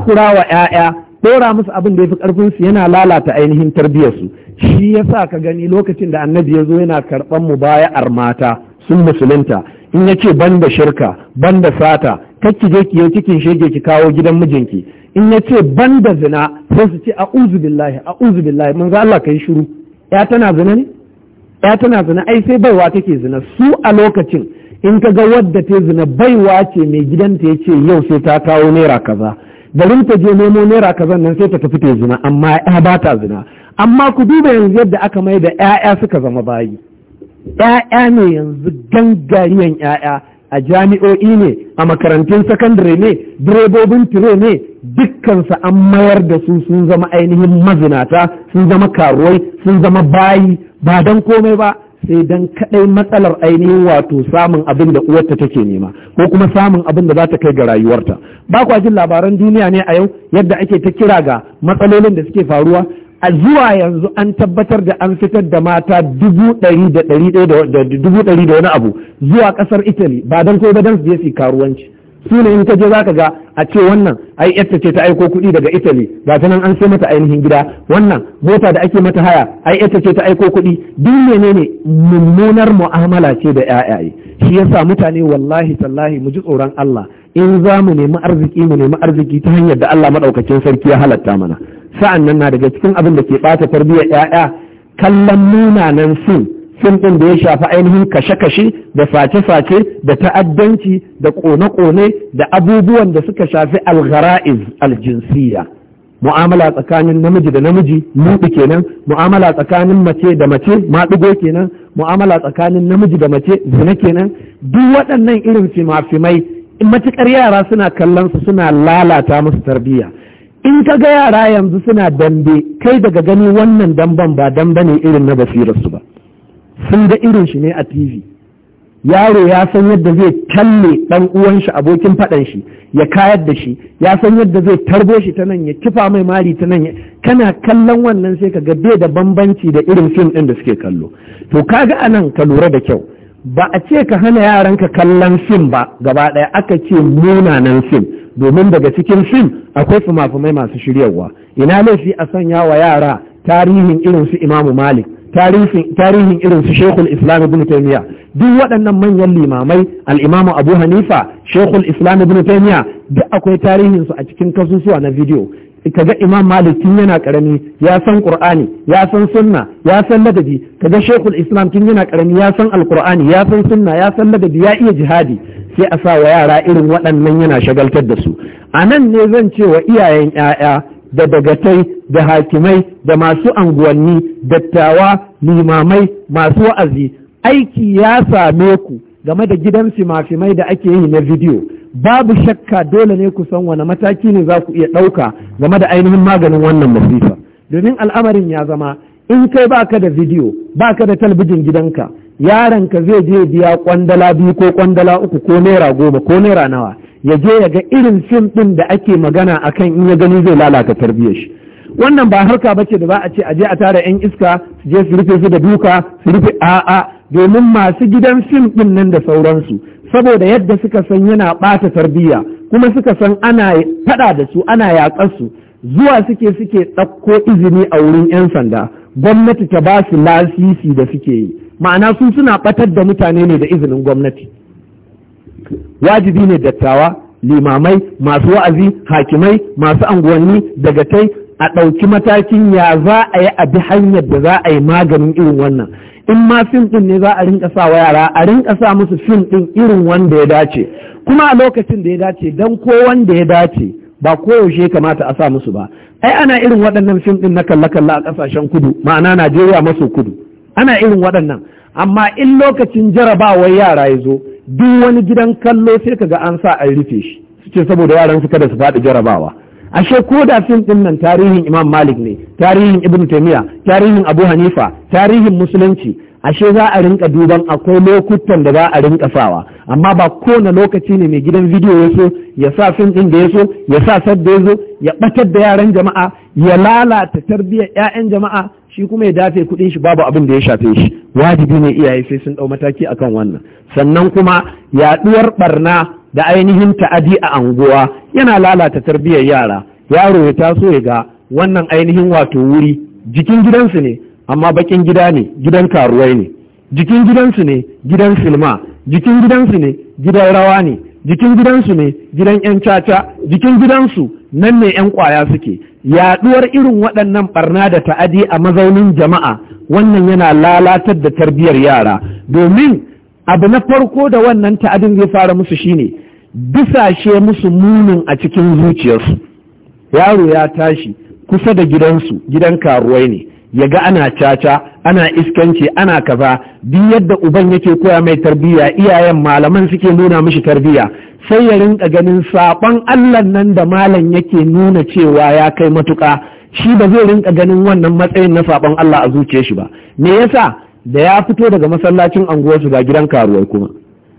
kura wa 'ya'ya ɗora musu abin da ya fi ƙarfinsu yana lalata ainihin tarbiyyarsu shi ya sa ka gani lokacin da annabi ya zo yana mu baya mata sun musulunta in ya ce ban da shirka ban da sata kacci je ki cikin shege ki kawo gidan mijinki in ya ce ban da zina sai su ce a'udhu billahi a'udhu billahi manzo Allah yi shiru ya tana zina ne ya tana zina ai sai baiwa take zina su a lokacin in ka ga wadda ta zina baiwa ce mai gidanta ya ce yau sai ta kawo naira kaza garin ta je nemo naira kazan nan sai ta tafi ta zina amma ya ba ta zina amma ku duba yanzu yadda aka mai da 'ya'ya suka zama bayi 'ya'ya ne yanzu gangariyan 'ya'ya a jami'o'i ne a makarantun sakandare ne direbobin tire ne dukkansa an mayar da su sun zama ainihin mazinata sun zama karuwai sun zama bayi ba don komai ba sai don kaɗai matsalar ainihin wato samun abin da uwarta take nema ko kuma samun abin da za ta kai ga rayuwarta ba kwa jin labaran duniya ne a yau yadda ake ta kira ga matsalolin da suke faruwa a zuwa yanzu an tabbatar da an fitar da mata dubu ɗari da ɗari da wani abu zuwa ƙasar italy ba don kai ba don su je su karuwanci su ne in ka je zaka ga a ce wannan ai yatta ce ta aiko kuɗi daga Italy ba ta nan an sai mata ainihin gida wannan mota da ake mata haya ai yatta ce ta aiko kuɗi duk menene mummunar mu'amala ce da yayaye shi yasa mutane wallahi tallahi mu ji tsoron Allah in za mu nemi arziki mu nemi arziki ta hanyar da Allah madaukakin sarki ya halatta mana sa'an nan na daga cikin abin da ke ɓata tarbiyyar 'ya'ya kallon munanan fim fim ɗin da ya shafi ainihin kashe-kashe da face-face da ta'addanci da ƙone-ƙone da abubuwan da suka shafi algara'iz aljinsiyya mu'amala tsakanin namiji da namiji muɗi kenan mu'amala tsakanin mace da mace maɗigo kenan mu'amala tsakanin namiji da mace zina kenan duk waɗannan irin fima-fimai in matuƙar yara suna kallon su suna lalata musu tarbiyya in ka ga yara yanzu suna dambe kai daga gani wannan damben ba damba ne irin na basirarsu ba sun ga irin shi ne a tv yaro ya san yadda zai talle dan uwan shi abokin faɗan shi ya kayar da shi ya san yadda zai tarbo shi ta nan ya kifa mai mari ta nan kana kallon wannan sai ka ga bai da bambanci da irin fim ɗin da suke kallo to kaga anan ka lura da kyau ba a ce ka hana yaranka kallon fim ba gaba ɗaya aka ce munanan fim domin daga cikin fim akwai fumafumai masu shiryarwa ina laifi a sanya wa yara tarihin irin su imamu malik tarihin irin su shekul islam ibn duk waɗannan manyan limamai al'imamu abu hanifa shekul islam ibn taimiya duk akwai tarihin su a cikin kasusuwa na bidiyo Ka ga imam malik tun yana karami ya san qur'ani ya san sunna ya san ladabi Ka ga shekul islam tun yana karami ya san alqur'ani ya san sunna ya san ladabi ya iya jihadi sai a sa wa yara irin waɗannan yana shagaltar da su a nan ne zan ce wa iyayen 'ya'ya da dagatai da hakimai da masu anguwanni dattawa limamai masu wa'azi aiki ya same ku game da gidan simafimai da ake yi na bidiyo babu shakka dole ne ku san wani mataki ne za ku iya ɗauka game da ainihin maganin wannan masifa domin al'amarin ya zama in kai baka da bidiyo baka da talbijin gidanka yaronka zai je biya kwandala biyu ko kwandala uku ko naira goma ko naira nawa ya je ya ga irin fim ɗin da ake magana akan in ya gani zai lalata tarbiyyar shi wannan ba harka ba ce da ba a ce a je a tara yan iska su je su rufe su da duka su rufe a'a domin masu gidan fim ɗin nan da sauransu saboda yadda suka san yana ɓata tarbiyya kuma suka san ana faɗa da su ana yaƙar su zuwa suke suke ɗauko izini a wurin 'yan sanda gwamnati ta ba su lasisi da suke yi ma'ana su suna ɓatar da mutane ne da izinin gwamnati wajibi ne dattawa limamai masu wa'azi hakimai masu anguwanni daga tai, a ɗauki matakin ya za a yi abi hanyar da za a yi maganin irin wannan in ma fim ɗin ne za a rinka sa wa yara a rinka sa musu fim ɗin irin wanda ya dace kuma a lokacin da ya dace dan ko wanda ya dace ba koyaushe kamata a sa musu ba ai ana irin waɗannan fim ɗin na kalla-kalla a ƙasashen kudu ma'ana najeriya maso kudu ana irin waɗannan amma in lokacin jarabawar yara ya zo duk wani gidan kallo sai ka ga an sa an rufe shi suke saboda yaran su kada su faɗi jarabawa ashe ko da fim din nan tarihin imam malik ne tarihin ibn taimiya tarihin abu hanifa tarihin musulunci ashe za a rinka duban akwai lokutan da za a rinka sawa amma ba kowane lokaci ne mai gidan video ya so ya sa fim din da ya so ya sa sadda ya zo ya batar da yaran jama'a ya lalata tarbiyyar 'ya'yan jama'a shi kuma ya dace kuɗin shi babu abin da ya shafe shi wajibi ne iyaye sai sun dau mataki akan wannan sannan kuma yaɗuwar ɓarna da ainihin ta'adi a anguwa yana lalata tarbiyyar yara yaro ya taso ya ga wannan ainihin wato wuri jikin gidansu ne amma bakin gida ne gidan karuwai ne jikin gidansu ne gidan silma jikin gidansu ne gidan rawa ne jikin gidansu ne gidan 'yan caca jikin gidansu nan ne 'yan kwaya suke yaduwar irin waɗannan barna da ta'adi a mazaunin jama'a wannan yana lalatar da tarbiyyar yara domin abu na farko da wannan ta'adin zai fara musu shine bisashe musu munin a cikin zuciyarsu yaro ya tashi kusa da gidansu gidan karuwai ne ya ga ana caca ana iskance, ana kaza Bi yadda uban yake koya mai tarbiyya iyayen malaman suke nuna mishi tarbiyya sai ya rinka ganin saɓon allah nan da malam yake nuna cewa ya kai matuƙa shi ba zai rinka ganin wannan matsayin na saɓon allah a zuciyar shi ba me yasa da ya fito daga masallacin unguwarsu ga gidan karuwai kuma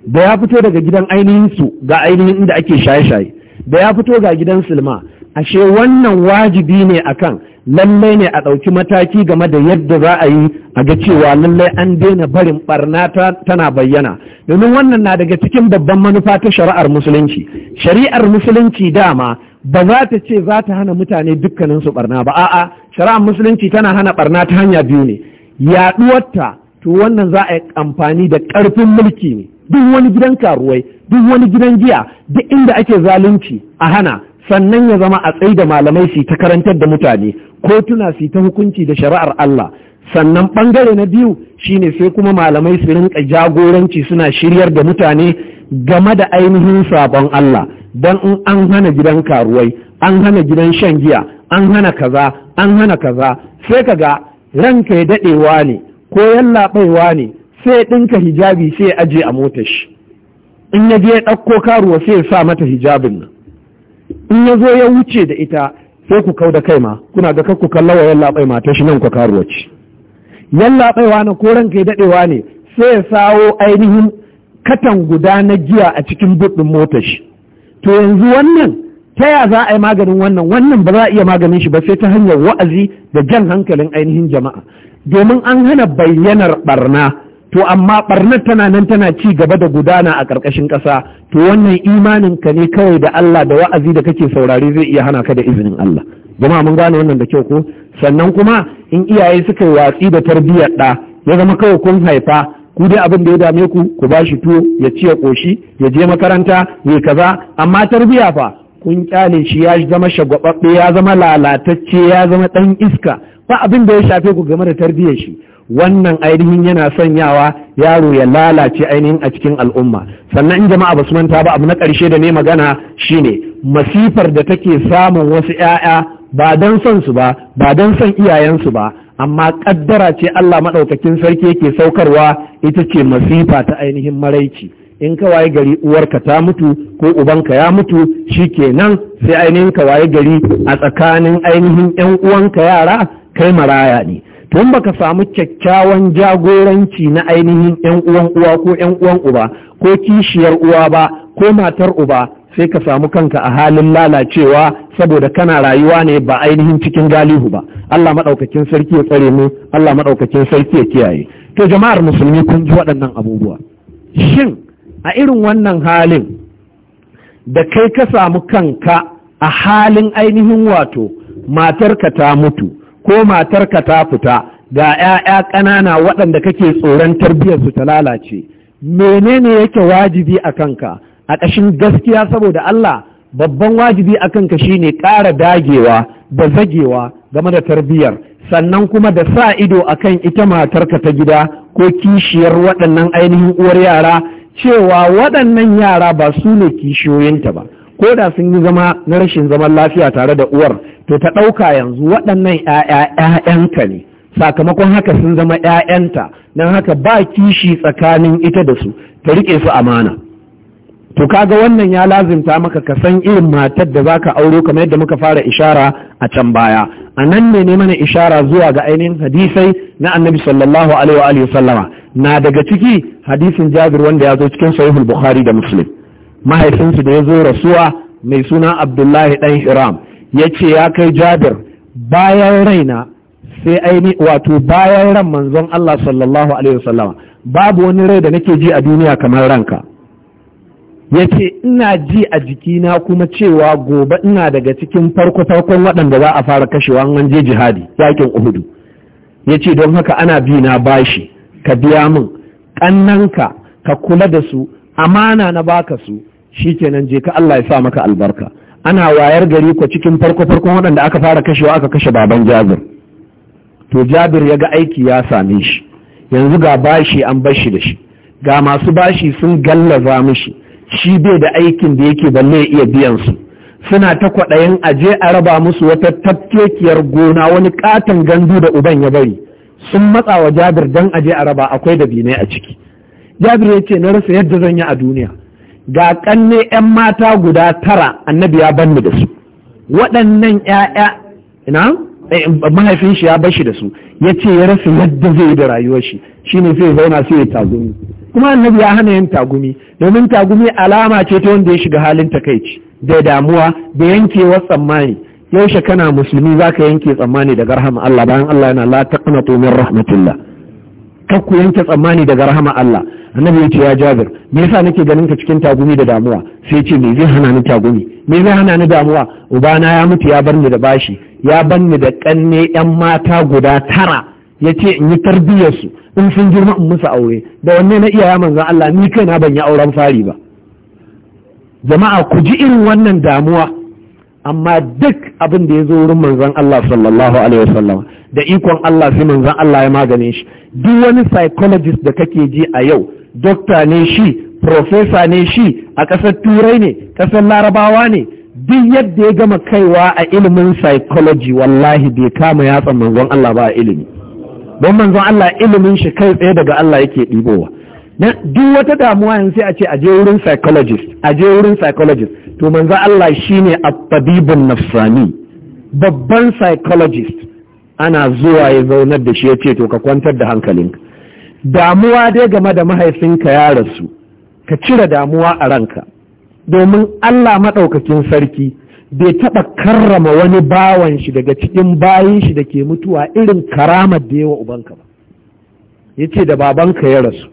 da ya fito daga gidan ainihin su ga ainihin inda ake shaye-shaye da ya fito ga gidan silma ashe wannan wajibi ne akan lallai ne a ɗauki mataki game da yadda za a yi a ga cewa lallai an daina barin barna tana bayyana domin wannan na daga cikin babban manufa ta shari'ar musulunci shari'ar musulunci dama ba za ta ce za ta hana mutane dukkanin su barna ba a'a shari'ar musulunci tana hana barna ta hanya biyu ne yaɗuwarta to wannan za a yi amfani da ƙarfin mulki ne duk wani gidan karuwai duk wani gidan giya duk inda ake zalunci a hana sannan ya zama a tsayi da malamai su ta karantar da mutane kotuna su ta hukunci da shari'ar Allah sannan ɓangare na biyu shine sai kuma malamai su rinka jagoranci suna shiryar da mutane game da ainihin sabon Allah dan in an hana gidan karuwai an hana gidan shan giya an hana kaza an hana kaza sai kaga ranka ya daɗewa ne ko yallaɓaiwa ne sai ɗinka hijabi sai aje a motar shi in ya je ya ɗauko karuwa sai ya sa mata hijabin nan in ya zo ya wuce da ita sai ku kau da kai ma kuna ga kakku kallawa yalla bai mata shi nan ku karuwa ce yalla na ko ranka ya ne sai ya sawo ainihin katan guda na giya a cikin buɗin motar shi to yanzu wannan ta ya za a yi maganin wannan wannan ba za a iya maganin shi ba sai ta hanyar wa'azi da jan hankalin ainihin jama'a domin an hana bayyanar barna to amma barnar tana nan tana ci gaba da gudana a ƙarƙashin ƙasa to wannan imanin ka ne kawai da Allah da wa'azi da kake saurare zai iya hana ka da izinin Allah jama'a mun gane wannan da kyau ko sannan kuma in iyaye suka yi watsi da tarbiyyar ɗa ya zama kawai kun haifa ku dai abin da ya dame ku ku ba shi tuwo ya ci ya ƙoshi ya je makaranta ya kaza amma tarbiyya fa kun kyale shi ya zama shagwababbe ya zama lalatacce ya zama ɗan iska ba abin da ya shafe ku game da tarbiyyar shi wannan ainihin yana sanyawa yaro ya lalace ainihin a cikin al'umma sannan in jama'a ba basu manta ba abu na ƙarshe da ne magana shine masifar da take samun wasu 'ya'ya ba don son su ba ba don son iyayensu ba amma ƙaddara ce Allah maɗaukakin sarki yake saukarwa ita ce masifa ta ainihin maraici in ka waye gari uwarka ta mutu ko ubanka ya mutu shi kenan sai ainihin ka waye gari a tsakanin ainihin 'yan uwanka yara kai maraya ne don baka samu kyakkyawan jagoranci na ainihin yan uwan uwa ko yan uwan uba ko kishiyar uwa ba ko matar uba sai ka samu kanka a halin lalacewa saboda kana rayuwa ne ba ainihin cikin galihu ba Allah maɗaukakin sarki ya tsare mu Allah maɗaukakin sarki ya kiyaye to jama'ar musulmi kun ji waɗannan abubuwa shin a irin wannan halin da kai ka samu kanka a halin ainihin wato matarka ta mutu ko matarka ta fita ga 'ya'ya ƙanana waɗanda kake tsoron tarbiyyarsu ta lalace menene yake wajibi a kanka a ƙashin gaskiya saboda Allah babban wajibi a kanka shi ne ƙara dagewa da zagewa game da tarbiyyar sannan kuma da sa ido a kan ita matarka ta gida ko kishiyar waɗannan ainihin uwar yara cewa waɗannan yara ba su ne kishiyoyinta ba ko da sun yi zama na rashin zaman lafiya tare da uwar to ta ɗauka yanzu waɗannan yayanka ne sakamakon haka sun zama 'ya'yanta don haka ba kishi tsakanin ita da su ta riƙe su amana to kaga wannan ya lazimta maka ka san irin matar da zaka aure kamar yadda muka fara ishara a can baya a nan ne ne mana ishara zuwa ga ainihin hadisai na annabi sallallahu alaihi wa sallama na daga ciki hadisin jabir wanda ya zo cikin sahihul bukhari da muslim mahaifinsu da ya zo rasuwa mai suna abdullahi ɗan hiram ya ce ya kai jabir bayan raina sai aini wato bayan ran manzon Allah sallallahu alaihi wasallama babu wani rai da nake ji a duniya kamar ranka ya ce ina ji a jikina kuma cewa gobe ina daga cikin farko-farkon waɗanda za a fara kashewa an je jihadi yakin uhudu ya ce don haka ana bi na bashi ka biya min ƙannanka ka kula da su amana na baka su shikenan je ka Allah ya sa maka albarka ana wayar gari ko cikin farko farkon waɗanda aka fara kashewa aka kashe baban Jabir to Jabir ya ga aiki ya same shi yanzu ga bashi an bashi da shi ga masu bashi sun gallaza mishi shi bai da aikin da yake balle ya iya biyan su suna ta kwaɗayin aje a raba musu wata tafkekiyar gona wani katon gandu da uban ya bari sun matsa wa jabir dan aje a raba akwai da bine a ciki jabir ya ce na rasa yadda zan yi a duniya ga ƙanne 'yan mata guda tara annabi ya banni da su waɗannan 'ya'ya ina eh, mahaifin shi ya bashi da su ya ce ya rasa yadda zai yi da rayuwar shi Shi ne zai zauna sai ya tagumi kuma annabi ya hana yin tagumi domin tagumi alama ce ta wanda ya shiga halin takaici da damuwa da yankewar tsammani yaushe kana musulmi zaka yanke tsammani daga rahama Allah bayan Allah yana la taqnatu min rahmatillah kar ku yanke tsammani daga rahama Allah annabi ya ce ya jabir me yasa nake ganin ka cikin tagumi da damuwa sai ce me zai hana ni tagumi me zai hana ni damuwa ubana ya mutu ya bar ni da bashi ya bar ni da kanne yan mata guda tara ya ce in yi tarbiyyarsu in sun girma in musu aure da wanne na iyaya manzon Allah ni kai na ban yi auren fari ba jama'a ku ji irin wannan damuwa amma duk abin da ya zo wurin manzon Allah sallallahu alaihi wasallam da ikon Allah sai manzon Allah ya magane shi duk wani psychologist da kake ji a yau dokta ne shi profesa ne shi a ƙasar turai ne ƙasar larabawa ne duk yadda ya gama kaiwa a ilimin psychology wallahi bai kama yatsan manzon Allah ba a ilimi don manzon Allah ilimin shi kai tsaye daga Allah yake ɗibowa duk wata damuwa yanzu sai a ce aje wurin psychologist aje wurin psychologist to manzon Allah shine at-tabibun nafsani babban psychologist ana zuwa ya zaunar da shi ya ce to ka kwantar da hankalinka damuwa dai game da mahaifinka ya rasu ka cire damuwa a ranka domin Allah maɗaukakin sarki bai taɓa karrama wani bawan shi daga cikin bayin shi da ke mutuwa irin karamar da yawa ubanka ba ya ce da babanka ya rasu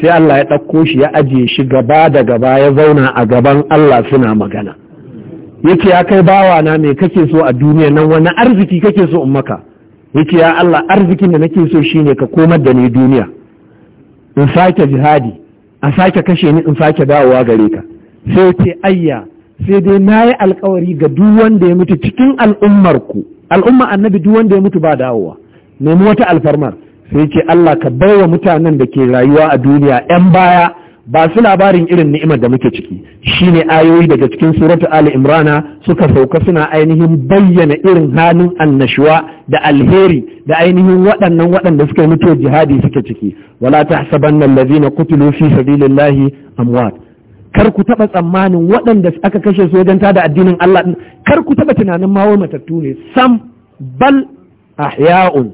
sai Allah ya ɗauko shi ya ajiye shi gaba da gaba ya zauna a gaban Allah suna magana ce ya kai bawa na me kake so a duniya nan wani arziki kake so in maka ce ya Allah arzikin da nake so shine ka komar da ni duniya in sake jihadi a sake kashe ni in sake dawowa gare ka sai ce ayya sai dai na yi alkawari ga duk wanda ya mutu cikin al'ummar ku al'umma annabi duk wanda ya mutu ba dawowa nemi wata alfarmar sai ce Allah ka wa mutanen da ke rayuwa a duniya 'yan baya ba su labarin irin ni'imar da muke ciki shine ayoyi daga cikin suratu ali imrana suka sauka suna ainihin bayyana irin halin annashuwa da alheri da ainihin waɗannan waɗanda suka mutu jihadi suke ciki wala tahsabanna allazina qutilu fi sabilillahi amwat kar ku taɓa tsammanin waɗanda aka kashe su wajen tada addinin Allah kar ku taɓa tunanin ma matattu ne sam bal ahya'un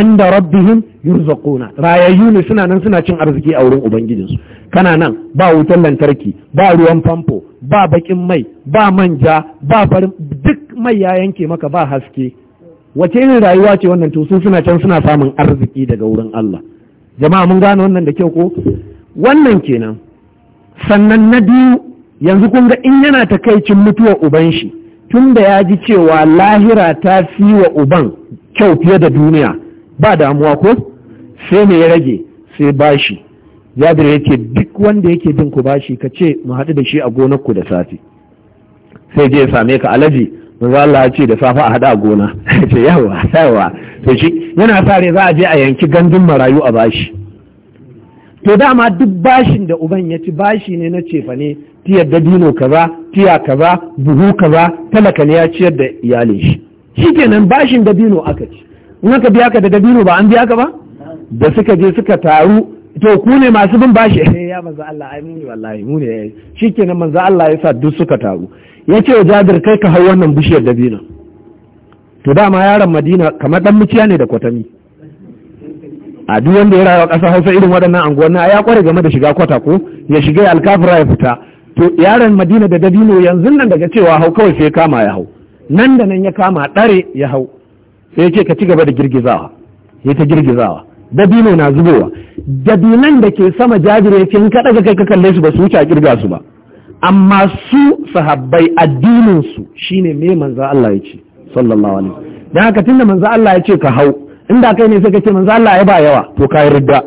inda rabbihim yurzaquna rayayyu ne suna nan suna cin arziki a wurin ubangijinsu kana nan ba wutar lantarki ba ruwan famfo ba bakin mai ba manja ba farin duk mai ya yanke maka ba haske wace irin rayuwa ce wannan to su suna can suna samun arziki daga wurin Allah jama'a mun gane wannan da kyau ko wannan kenan sannan na biyu yanzu kun ga in yana takaicin mutuwa uban shi Tunda ya ji cewa lahira ta fi wa uban kyau fiye da duniya ba damuwa ko sai me ya rage sai bashi jabir ya ce duk wanda yake bin ku bashi ka ce mu haɗu da shi a gonar ku da safe sai je same ka alaji manzo Allah ya ce da safe a haɗu a gona (laughs) ce yawa yawa to shi yana sa rai za a je a yanki gandun marayu a bashi to dama duk bashin da uban ya ci bashi ne na cefa ne tiyar da dino kaza tiya kaza buhu kaza talaka ne ya ciyar da iyalin shi shikenan bashin da dino aka ci in aka biya ka da dabino ba an biya ka ba da suka je suka taru to ku ne masu bin bashi (laughs) eh ya manzo Allah ai mu ne wallahi mu ne eh. shikenan manzo Allah ya sa duk suka taru yace wa Jabir kai ka hau wannan bishiyar dabino to dama yaron Madina kamar dan muciya ne da kwatami a duk wanda ya rayuwa kasa Hausa irin waɗannan anguwanni ya kware game da shiga kwata ko ya shiga alkafira ya fita to yaron Madina da dabino yanzu nan daga cewa hau kawai sai kama ya hau nan da nan ya kama ɗare ya hau sai ce ka ci gaba da girgizawa ya ta girgizawa dabino na zubowa dabinan da ke sama jajire ya ce in ka daga kai ka kalle su ba su wuce a kirga su ba amma su sahabbai addinin su shine me manzo Allah ya ce sallallahu alaihi dan haka tunda manzo Allah ya ce ka hau inda kai ne sai ka ce manzo Allah ya ba yawa to kai ridda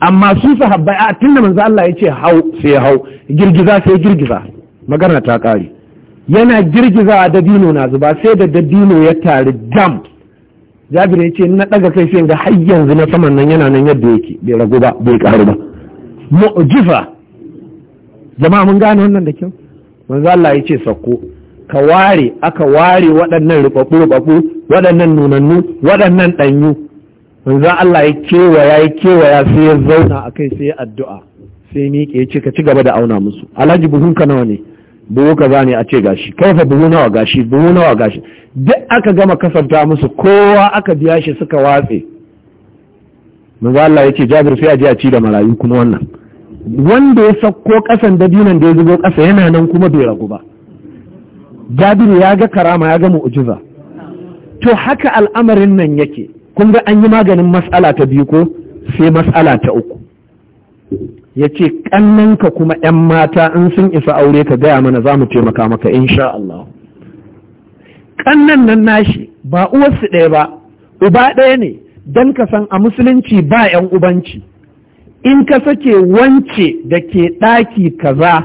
amma su sahabbai a tunda manzo Allah ya ce hau sai hau girgiza sai girgiza magana ta kare yana girgiza a dabino na zuba sai da dabino ya tari dam jabir ya ce na daga kai sai ga har yanzu na saman nan yana nan yadda yake bai ragu ba bai karu ba mu'jiza jama'a mun gane wannan da kyau manzo Allah ya ce sakko ka ware aka ware waɗannan rubabu rubabu waɗannan nunannu waɗannan ɗanyu. manzo Allah ya kewaya ya kewaya sai ya zauna akai sai ya addu'a sai miƙe ya ce ka ci gaba da auna musu alhaji buhunka nawa ne buhu kaza ne a ce gashi kaifa buhu nawa gashi buhu nawa gashi duk aka gama kasanta musu kowa aka biya shi suka watse manzo Allah yace Jabir sai a ji a ci da marayu kuma wannan wanda ya sauko kasan dinan da ya zubo kasa yana nan kuma bai ragu ba Jabir ya ga karama ya ga mu'jiza to haka al'amarin nan yake kun ga an yi maganin mas'ala ta biyu ko sai mas'ala ta uku ya ce ƙannanka kuma 'yan mata in sun isa aure ka gaya mana za mu taimaka maka insha Allah ƙannan nan nashi ba uwarsu ɗaya ba uba ɗaya ne don ka san a musulunci ba 'yan ubanci in ka sake wance da ke ɗaki kaza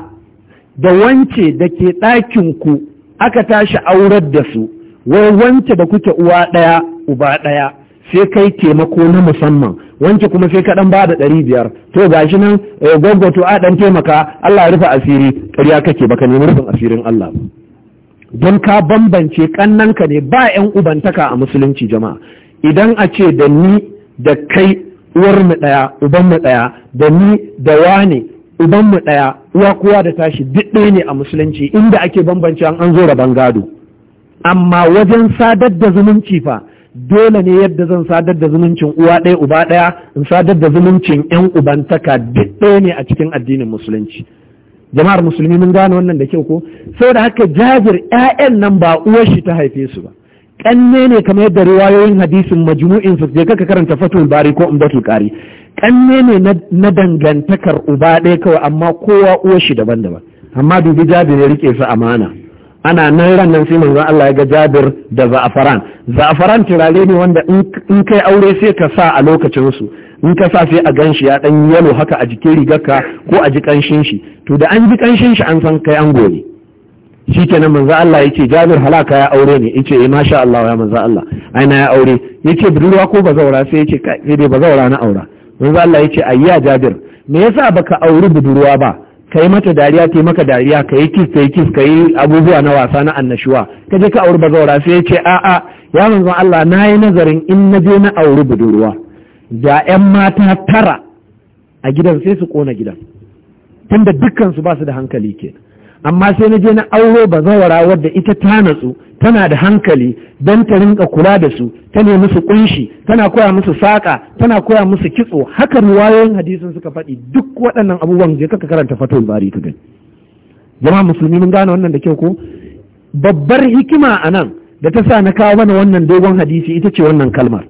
da wance da ke ɗakin ku aka tashi aurar da su wai wance da kuke uwa ɗaya uba ɗaya sai kai taimako na musamman wanke kuma sai kaɗan ba da ɗari biyar to ga shi nan eh, gwaggwato a ɗan taimaka Allah ya rufe asiri ƙarya kake baka nemi rufin asirin Allah don ka bambance ƙannanka ne ba 'yan ubantaka a musulunci jama'a idan a ce da ni da kai uwar mu ɗaya uban mu ɗaya da ni da wane uban mu ɗaya uwa kowa da tashi duk ɗaya ne a musulunci inda ake bambance an zo rabon gado amma wajen sadar da zumunci fa dole ne yadda zan sadar da zumuncin uwa ɗaya uba ɗaya in sadar da zumuncin ƴan ubantaka duk ɗaya ne a cikin addinin musulunci jama'ar musulmi mun gane wannan da kyau ko da haka jabir ƴaƴan nan ba uwar shi ta haife su ba kanne ne kamar yadda riwayoyin hadisin majmu'in su je kaka karanta fatul bari ko in qari kanne ne na dangantakar uba ɗaya kawai amma kowa uwar shi daban-daban amma dubi jabir ya rike su amana ana nan ran nan sai manzo Allah ya ga Jabir da za'afaran za'afaran turare ne wanda in kai aure sai ka sa a lokacin su in ka sa sai a ganshi ya dan yalo haka a jikin rigarka ko a ji kanshin shi to da an ji kanshin shi an san kai an gobe shikenan manzo Allah yake Jabir halaka ya aure ne yace eh masha Allah ya manzo Allah aina ya aure yace budurwa ko bazaura sai yace kai dai bazaura na aura manzo Allah yace ayya Jabir me yasa baka auri budurwa ba ka yi mata dariya ta yi maka dariya ka yi kis ka yi kis ka yi abubuwa na wasa na annashuwa ka je ka auri bazawara sai ya ce a'a ya manzon Allah na yi nazarin in na je na auri budurwa ga 'yan mata tara a gidan sai su kona gidan tunda dukkan su ba su da hankali kenan amma sai na je na auro bazawara wadda ita ta natsu tana da hankali don ta rinka kula da su ta ne musu kunshi tana koya musu saƙa tana koya musu kitso haka ruwayoyin hadisin suka faɗi duk waɗannan abubuwan je kaka karanta fatul bari ka gani jama'a musulmi mun gane wannan da kyau ko babbar hikima a nan da ta sa na kawo mana wannan dogon hadisi ita ce wannan kalmar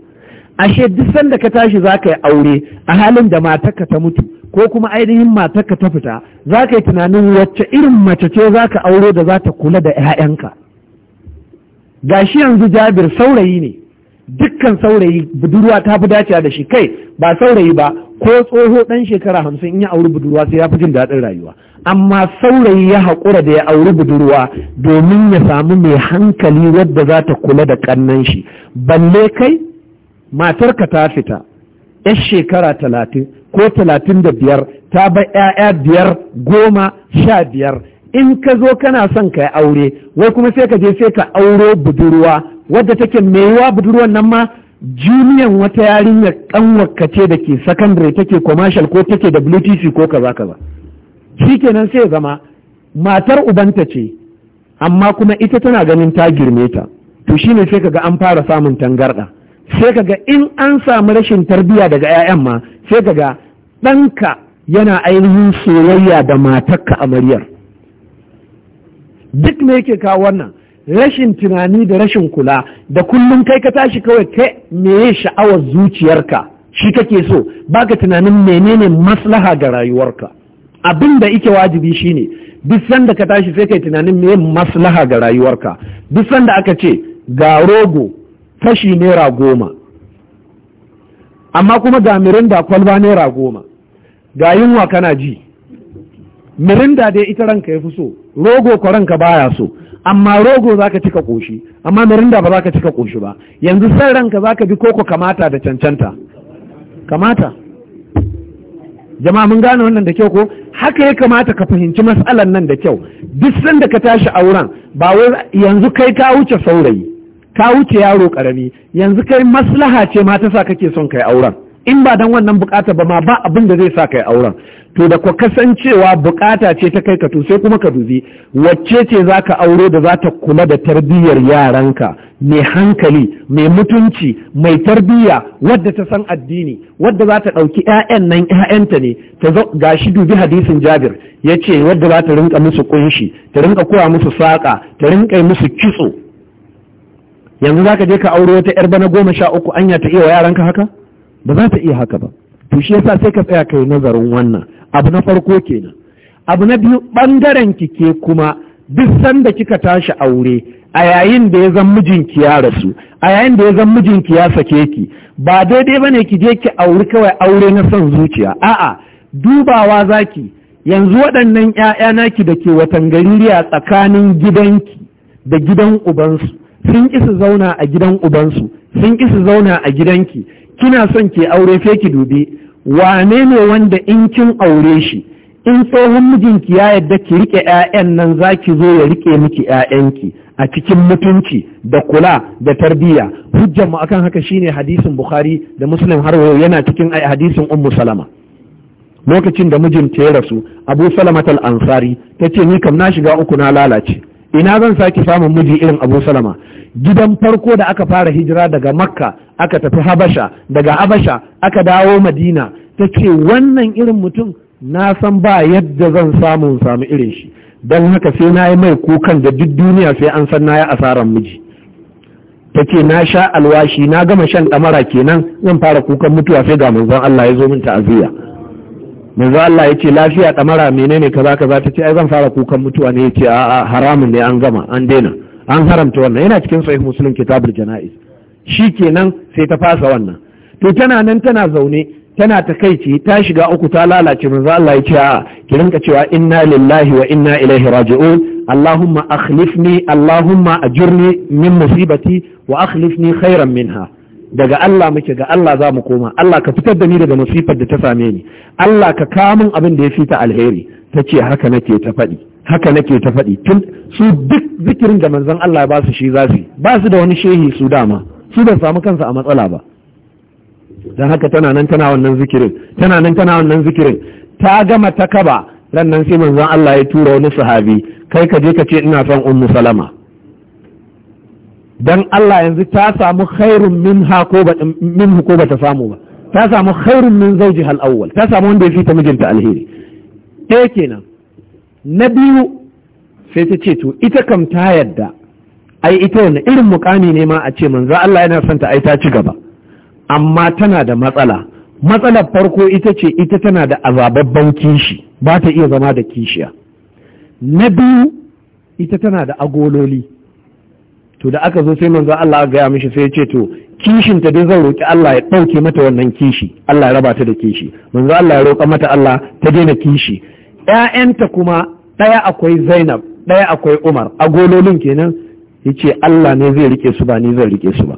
ashe duk sanda ka tashi za ka yi aure a halin da matarka ta mutu ko kuma ainihin matarka ta fita za ka yi tunanin wacce irin mace ce za ka aure da za ta kula da 'ya'yanka Ga shi yanzu jabir saurayi ne dukkan saurayi budurwa ta fi dacewa da shi kai ba saurayi ba ko tsoho ɗan shekara hamsin in ya auri budurwa sai ya fi jin daɗin rayuwa amma saurayi ya haƙura da ya auri budurwa domin ya samu mai hankali wadda za ta kula da ƙannan shi balle kai matarka ta fita 'yar shekara talatin ko talatin da biyar ta bar 'ya'ya biyar goma sha biyar in ka zo kana son ka yi aure wai kuma sai ka je sai ka auro budurwa wadda take maiwa budurwan nan ma juniyan wata yarinyar ƙanwarka ce da ke secondary take commercial ko take WTC ko kaza kaza kenan sai zama matar ubanta ce amma kuma ita tana ganin ta girme ta to shine sai kaga an fara samun tangarɗa. sai kaga in an samu rashin tarbiyya daga 'ya'yan ma sai kaga ɗanka yana ainihin soyayya da matarka amaryar duk me yake kawo wannan rashin tunani da rashin kula da kullum kai ka tashi kawai kai meye sha'awar zuciyarka shi kake so baka tunanin menene maslaha ga rayuwarka abin da ike wajibi shine duk sanda ka tashi sai kai tunanin meye maslaha ga rayuwarka duk sanda aka ce ga rogo fashi naira goma amma kuma ga mirinda kwalba naira goma ga yunwa kana ji mirinda dai ita ranka ya fi so rogo ko ranka baya so amma rogo za ka cika ƙoshi amma mirinda ba za ka cika ƙoshi ba yanzu san ranka za ka bi koko kamata da cancanta kamata jama'a mun gane wannan da kyau ko haka ya kamata ka fahimci matsalan nan da kyau duk sanda ka tashi auren ba wai yanzu kai ka wuce saurayi ka wuce yaro karami yanzu kai maslaha ce ma ta sa kake son kai auren in ba dan wannan bukata ba ma ba abin da zai sa kai auren to da ku kasancewa bukata ce ta kai ka to sai kuma ka dubi wacce ce za ka aure da zata ta kula da tarbiyyar yaranka mai hankali mai mutunci mai tarbiyya wadda ta san addini wadda za ta ɗauki 'ya'yan nan 'ya'yanta ne ta ga shi dubi hadisin jabir yace wadda za ta rinka musu kunshi ta rinka koya musu saƙa ta rinka musu kitso yanzu za ka je ka aure wata 'yar bana goma sha uku anya ta iya wa yaranka haka ba za ta iya haka ba to shi yasa sai ka tsaya kai nazarin wannan abu na farko kenan abu na biyu bangaren ki ke kuma duk sanda kika tashi aure a yayin da ya zan mijinki ya rasu a yayin da ya zan mijinki ya sake ki ba daidai bane ki je ki auri kawai aure na son zuciya a'a dubawa zaki yanzu waɗannan ƴaƴa naki da ke watan gariya tsakanin gidanki da gidan ubansu sun ƙi su zauna a gidan ubansu sun ƙi su zauna a gidanki kina son ke aure sai ki dubi wane ne wanda in kin aure shi in tsohon mijinki ya yadda ki rike 'ya'yan nan za ki zo ya rike miki 'ya'yanki a cikin mutunci da kula da tarbiyya hujjar mu akan haka shine hadisin bukhari da muslim har yana cikin hadisin ummu salama lokacin da mijinta ya rasu abu salamat al-ansari ta ce ni kam na shiga uku na lalace ina zan saki samun miji irin abu salama gidan farko da aka fara hijira daga makka aka tafi habasha daga habasha aka dawo madina ta ce wannan irin mutum na san ba yadda zan samu samu irin shi don haka sai na yi mai kukan da duk duniya sai an san na yi asarar miji ta ce na sha alwashi na gama shan ɗamara kenan zan fara kukan mutuwa sai ga manzon Allah ya zo min ta'aziyya manzon Allah ya ce lafiya ɗamara menene kaza kaza ta ce ai zan fara kukan mutuwa ne ya ce a'a haramun ne an gama an daina an haramta wannan yana cikin sahih muslim kitabul janaiz kenan sai ta fasa wannan to tana nan tana zaune tana takaici ta shiga uku ta lalace manzo Allah ya ce a ki rinka cewa inna lillahi wa inna ilaihi raji'un allahumma akhlifni allahumma ajurni min musibati wa akhlifni khairan minha daga Allah muke ga Allah za mu koma Allah ka fitar da ni daga musifar da ta same ni Allah ka kawo min abin da ya fita alheri ta ce haka nake ta faɗi haka nake ta faɗi tun su duk zikirin da manzon Allah ba su shi za su ba su da wani shehi su dama su da samu kansa a matsala ba dan haka tana nan tana wannan zikirin tana nan tana wannan zikirin ta gama ta kaba ran nan sai manzon Allah ya tura wani sahabi kai ka je ka ce ina son ummu salama dan Allah yanzu ta samu khairun min ko ba min ko ta samu ba ta samu khairun min zawjiha al-awwal ta samu wanda ya ta mijinta alheri eh kenan na biyu sai ta ce to ita kam ta yadda ai ita wani irin mukami ne ma a ce manzo Allah yana son ta ai ta ci gaba amma tana da matsala matsalar farko ita ce ita tana da azababban kishi ba ta iya zama da kishiya na biyu ita tana da agololi to da aka zo sai manzo Allah ga ya gaya mishi sai ya ce to kishin ta dai zan roki Allah ya dauke mata wannan kishi Allah ya raba ta da kishi manzo Allah ya roƙa mata Allah ta daina kishi ‘ya'yanta kuma ɗaya akwai zainab ɗaya akwai umar a gololin kenan yace Allah ne zai rike su ba ni zai rike su ba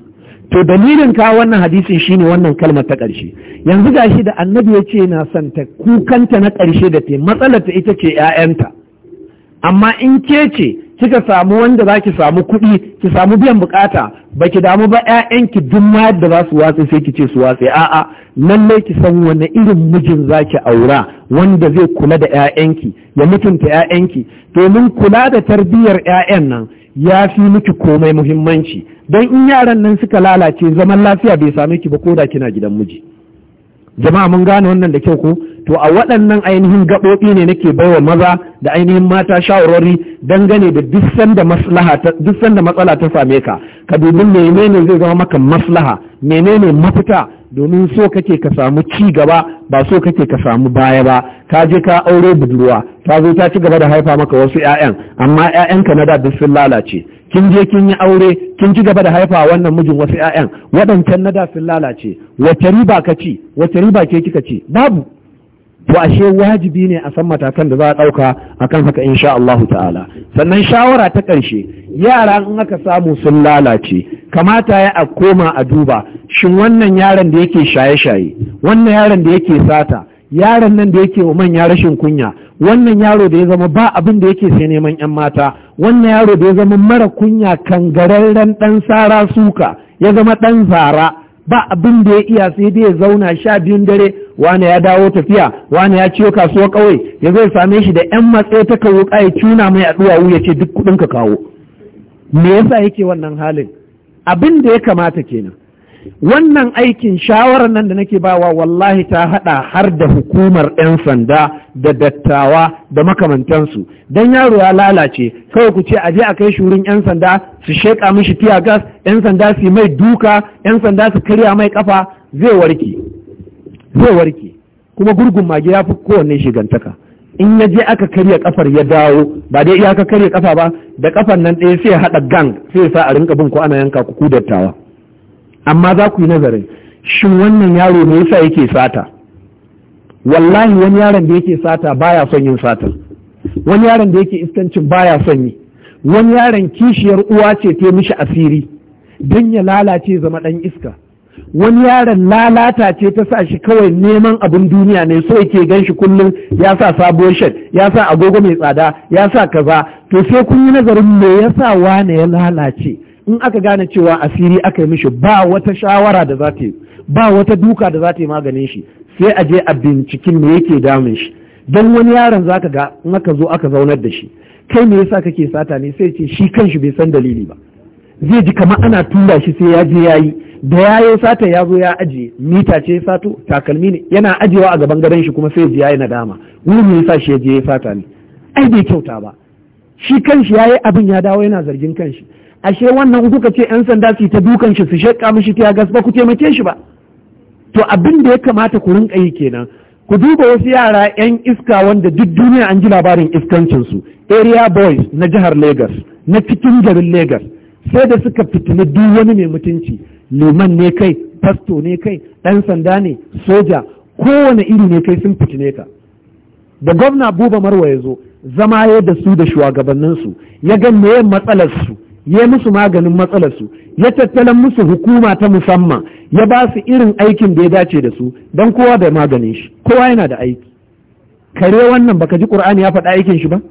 to dalilin ka wannan hadisin shine wannan kalmar ta ƙarshe yanzu gashi da annabi ya ce na son ta kukanta na ƙarshe da te matsalar ta ita ce ‘ya'yanta amma in ke ce kika samu wanda za ki samu kuɗi ki samu biyan bukata baki damu ba 'ya'yanki duk ma yadda za su watse sai ki ce su watse a'a nan lallai ki san wani irin mijin za ki aura wanda zai kula da 'ya'yanki ya mutunta 'ya'yanki. domin kula da tarbiyyar 'ya'yan nan ya fi miki komai muhimmanci don in yaran nan suka lalace zaman lafiya bai same ki ba ko da kina gidan miji jama'a mun gane wannan da kyau ko to a waɗannan ainihin gaɓoɓi ne nake baiwa maza da ainihin mata shawarwari dangane da duk sanda matsala ta same ka ka domin menene zai zama maka maslaha menene mafita domin so kake ka samu ci gaba ba so kake ka samu baya ba ka je ka aure budurwa ta zo ta ci gaba da haifa maka wasu 'ya'yan amma 'ya'yanka na da duk sun lalace kin je kin yi aure kin ci gaba da haifa wannan mijin wasu 'ya'yan waɗancan na da sun lalace wace riba ka ci wace riba ke kika ci babu to ashe wajibi ne a san matakan da za a ɗauka a akan haka insha Allah ta'ala sannan shawara ta ƙarshe yara in aka samu sun lalace kamata ya a koma a duba shin wannan yaron da yake shaye-shaye wannan yaron da yake sata yaron nan da yake manya rashin kunya wannan yaro da ya zama ba abin da yake sai neman yan mata wannan yaro da ya zama mara kunya kan gararren ɗan sara suka ya zama ɗan zara ba abin da ya iya sai dai ya zauna sha biyun dare wane ya dawo tafiya wane ya ciyo kasuwa kawai ya zai same shi da yan matsayi ta kawo ya cuna mai aduwawu ya ce duk kudin ka kawo me yasa yake wannan halin abin da ya kamata kenan wannan aikin shawarar nan da nake bawa wallahi ta haɗa har da hukumar 'yan sanda da dattawa da makamantansu don yaro ya lalace kawai ku ce aje a kai shurin 'yan sanda su sheƙa mishi tiya gas 'yan sanda su mai duka 'yan sanda su karya mai kafa zai warke zai warke kuma gurgun mage ya fi kowanne shigantaka in ya je aka karya kafar ya dawo ba dai iya aka karya kafa ba da kafar nan ɗaya sai ya haɗa gang sai ya sa a rinka bin ko ana yanka ku ku dattawa amma za ku yi nazarin shin wannan yaro me yasa yake sata wallahi wani yaron da yake sata baya son yin sata wani yaron da yake iskancin baya son yi wani yaron kishiyar uwa ce ta mishi asiri don ya lalace zama ɗan iska wani yaron lalata ce ta sa shi kawai neman abin duniya ne so yake gan shi kullum ya sa sabuwar shed ya sa agogo mai tsada ya sa kaza to sai kun yi nazarin me yasa wane ya lalace in aka gane cewa asiri aka yi mishi ba wata shawara da za ta yi ba wata duka da za ta yi maganin shi sai a je a binciken me yake damun shi don wani yaron za ka ga in aka zo aka zaunar da shi kai me yasa kake sata ne sai ce shi kanshi bai san dalili ba zai ji kamar ana tura shi sai ya je ya yi da ya yi sata ya zo ya ajiye mita ce sato takalmi ne yana ajiyewa a gaban gadon shi kuma sai ji ya yi nadama wani me sa shi ya je ya sata ne ai bai kyauta ba shi kanshi ya yi abin ya dawo yana zargin kanshi ashe wannan kuka ce yan sanda su ta dukan shi su shekka mishi ta gas ba ku taimake shi ba to abin da ya kamata ku rinka yi kenan ku duba wasu yara yan iska wanda duk duniya an ji labarin iskancinsu area boys na jihar Legas, na cikin garin Legas. sai da suka fitini duk wani mai mutunci liman ne kai fasto ne kai ɗan sanda ne soja kowane iri ne kai sun fitine ka da gwamna buba marwa ya zo zama ya da su da shugabanninsu ya ga meye matsalarsu ya musu maganin matsalarsu ya tattalin musu hukuma ta musamman ya ba su irin aikin da ya dace da su don kowa da maganin shi kowa yana da aiki kare wannan baka ji ƙur'ani ya faɗa aikin shi ba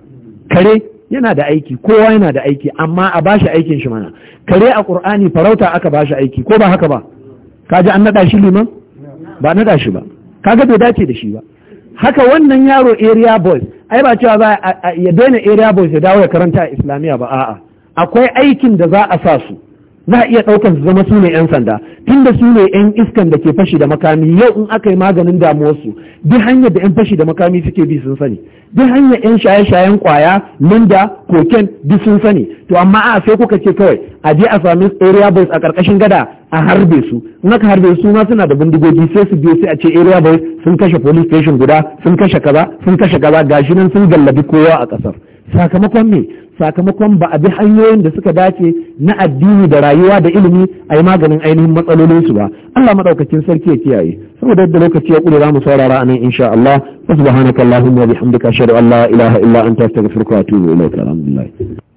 kare yana da aiki kowa yana da aiki amma a bashi aikin shi mana kare a qur'ani farauta aka bashi aiki ko ba haka ba Ka ji an nada shi liman ba nada shi ba kaga bai dace da shi ba haka wannan yaro area boys ai ba cewa za ya daina area boys ya dawo ya karanta a islamiya ba a'a akwai aikin da za a sa su za a iya ɗaukar su zama su ne 'yan sanda tunda su ne 'yan iskan da ke fashi da makami yau in aka yi maganin damuwarsu duk hanyar da 'yan fashi da makami suke bi sun sani duk hanyar 'yan shaye-shayen kwaya linda koken duk sun sani to amma a sai kuka ce kawai a je a sami area boys a ƙarƙashin gada a harbe su in aka harbe su ma suna da bindigogi sai su biyo sai a ce area boys sun kashe police station guda sun kashe kaza sun kashe kaza gashi nan sun gallabi kowa a ƙasar sakamakon me sakamakon ba a bi hanyoyin da suka dace na addini da rayuwa da ilimi a yi maganin ainihin matsalolin su ba Allah madaukakin sarki ya kiyaye saboda yadda lokaci ya kure mu saurara anan insha Allah subhanakallahumma wa bihamdika ashhadu an la ilaha illa anta astaghfiruka wa atubu ilaik alhamdulillah